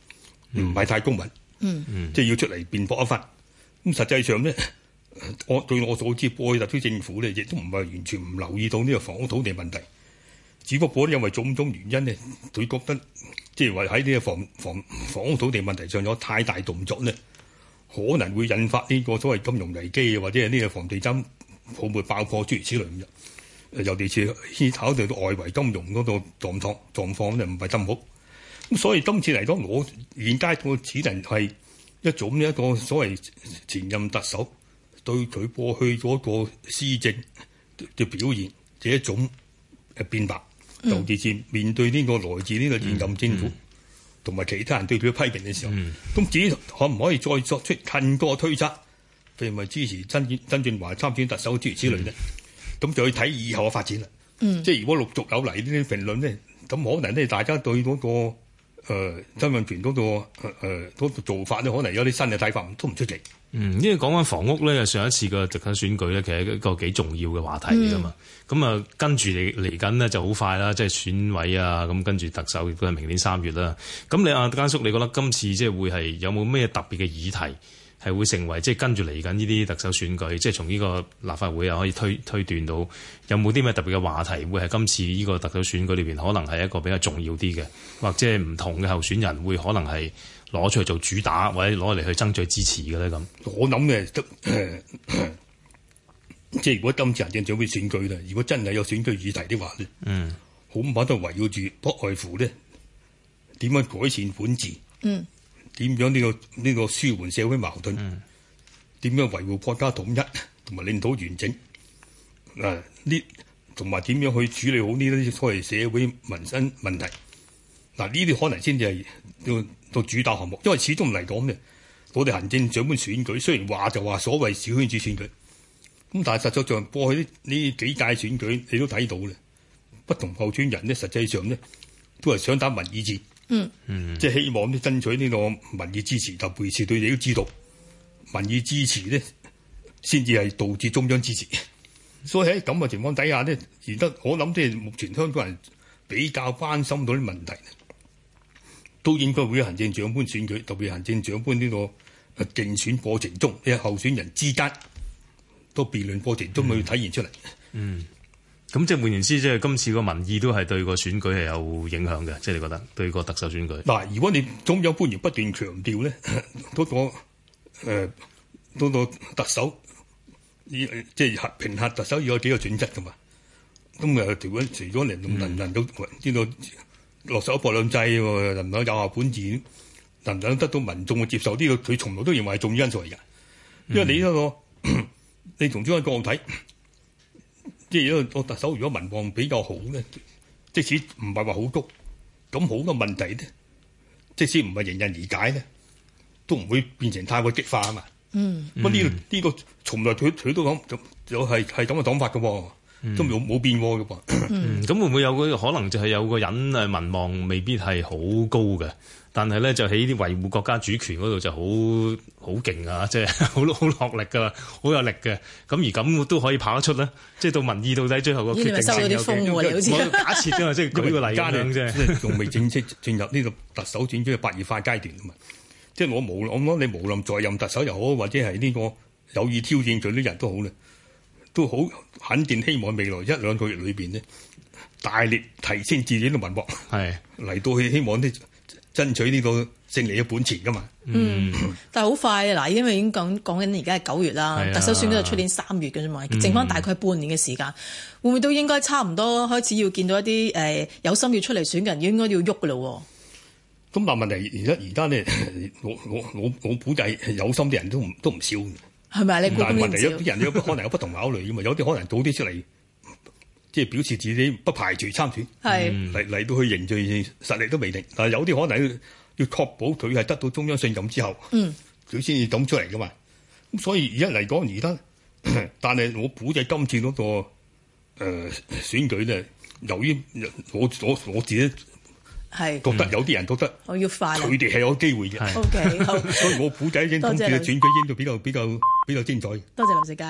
唔係太公允，嗯嗯、即係要出嚟辯駁一番，咁實際上咧，我對我所知，過去特區政府咧亦都唔係完全唔留意到呢個房屋土地問題，只不過因為種種原因咧，佢覺得即係話喺呢個房房房屋土地問題上有太大動作咧，可能會引發呢個所謂金融危機，或者係呢個房地產會唔會爆破諸如此類。咁啫。尤其是考慮到外圍金融嗰個狀況狀況咧，唔係咁好，咁所以今次嚟講，我現階段只能係一種呢一個所謂前任特首對佢過去嗰個施政嘅表現，這一種嘅變白。導致至面對呢個來自呢個現任政府同埋、嗯嗯、其他人對佢批評嘅時候，咁自己可唔可以再作出近個推測，測，譬如係支持曾曾俊華參選特首諸如此類咧？咁就去睇以後嘅發展啦。嗯，即係如果陸續有嚟呢啲評論咧，咁可能咧大家對嗰、那個誒、呃、新聞團嗰個做法咧，可能有啲新嘅睇法都，都唔出奇。嗯，因為講返房屋咧，上一次嘅特首選舉咧，其實一個幾重要嘅話題嚟噶嘛。咁啊、嗯嗯就是，跟住嚟嚟緊咧就好快啦，即係選委啊，咁跟住特首亦都係明年三月啦。咁你啊，家叔，你覺得今次即係會係有冇咩特別嘅議題？係會成為即係跟住嚟緊呢啲特首選舉，即係從呢個立法會又可以推推斷到有冇啲咩特別嘅話題會係今次呢個特首選舉裏邊可能係一個比較重要啲嘅，或者係唔同嘅候選人會可能係攞出嚟做主打，或者攞嚟去爭取支持嘅咧咁。我諗嘅、呃、即係如果今次行政長官選舉咧，如果真係有選舉議題的話咧，嗯，恐怕都圍繞住不外乎呢點樣改善本治？嗯。點樣呢個呢個舒緩社會矛盾？點、嗯、樣維護國家統一同埋領土完整？啊、嗯，呢同埋點樣去處理好呢啲所謂社會民生問題？嗱、嗯，呢啲可能先至係到到主打項目，因為始終嚟講呢，我哋行政長官選舉雖然話就話所謂小圈子選舉，咁但係實際上過去呢幾屆選舉，你都睇到咧，不同候選人呢，實際上呢，都係想打民意戰。嗯，即係希望咧，爭取呢個民意支持，特別是對你都知道，民意支持咧，先至係導致中央支持。所以喺咁嘅情況底下咧，而得我諗，即係目前香港人比較關心到啲問題，都應該會行政長官選舉，特別行政長官呢個競選過程中，啲候選人之間，都辯論過程中去體現出嚟。嗯。嗯。咁即係換言之，即係今次個民意都係對個選舉係有影響嘅，即係你覺得對個特首選舉？嗱，如果你中央官員不斷強調咧，嗰個誒，嗰、呃、個特首，呃、即係合評核特首要有幾個選擇噶嘛？咁唔係調咗、除咗嚟，能唔能夠知道落手搏兩劑，能唔能有下本錢，能唔能得到民眾嘅接受？呢個佢從來都認為係重要因素嚟㗎，因為你呢、這個你從中央角度睇。即係如果我特首如果民望比較好咧，即使唔係話好高，咁好嘅問題咧，即使唔係迎刃而解咧，都唔會變成太過激化啊嘛。嗯，咁呢呢個、呢個、從來佢佢都講有係係咁嘅講法嘅喎，都冇冇變過喎嘅噃。嗯，咁、 嗯、會唔會有個可能就係有個人誒民望未必係好高嘅？但係咧，就喺啲維護國家主權嗰度就好好勁啊！即係好落力噶，好有力嘅。咁而咁都可以跑得出咧，即係到民意到底最後個決定性有幾？我假設啫，即係 舉個例，即係仲未正式進 入呢個特首選舉白熱化階段啊嘛。 即係我無論我冇，你無論在任特首又好，或者係呢個有意挑戰佢啲人都好咧，都好肯定希望未來一兩個月裏邊呢，大力提升自己嘅民望，係嚟是到去希望啲。爭取呢個勝利嘅本錢噶嘛，嗯，但係好快嗱，因為已經講講緊而家係九月啦，是啊，特首選舉都係出年三月嘅啫嘛，剩翻大概半年嘅時間，嗯、會唔會都應該差唔多開始要見到一啲誒、呃、有心要出嚟選嘅人應該，應該要喐噶咯？咁但係問題而家而家咧，我我我我估計有心嘅人都唔都唔少，係咪你估唔少？但問題我我我有啲人咧，可能有不同考慮噶嘛， 有啲可能早啲出嚟。即係表示自己不排除參選，嚟嚟是到去凝聚實力都未定，但係有啲可能要確保佢係得到中央信任之後，嗯，佢先至噉出嚟嘅嘛。咁所以而家嚟講而家，但係我估計今次嗰、那個誒、呃、選舉咧，由於我我我自己係覺得有啲人覺得他們是是，我要快，佢哋係有機會嘅。 o Okay , K，okay. 所以我估計今次嘅選舉應該比較比較比較精彩。多謝林世姐。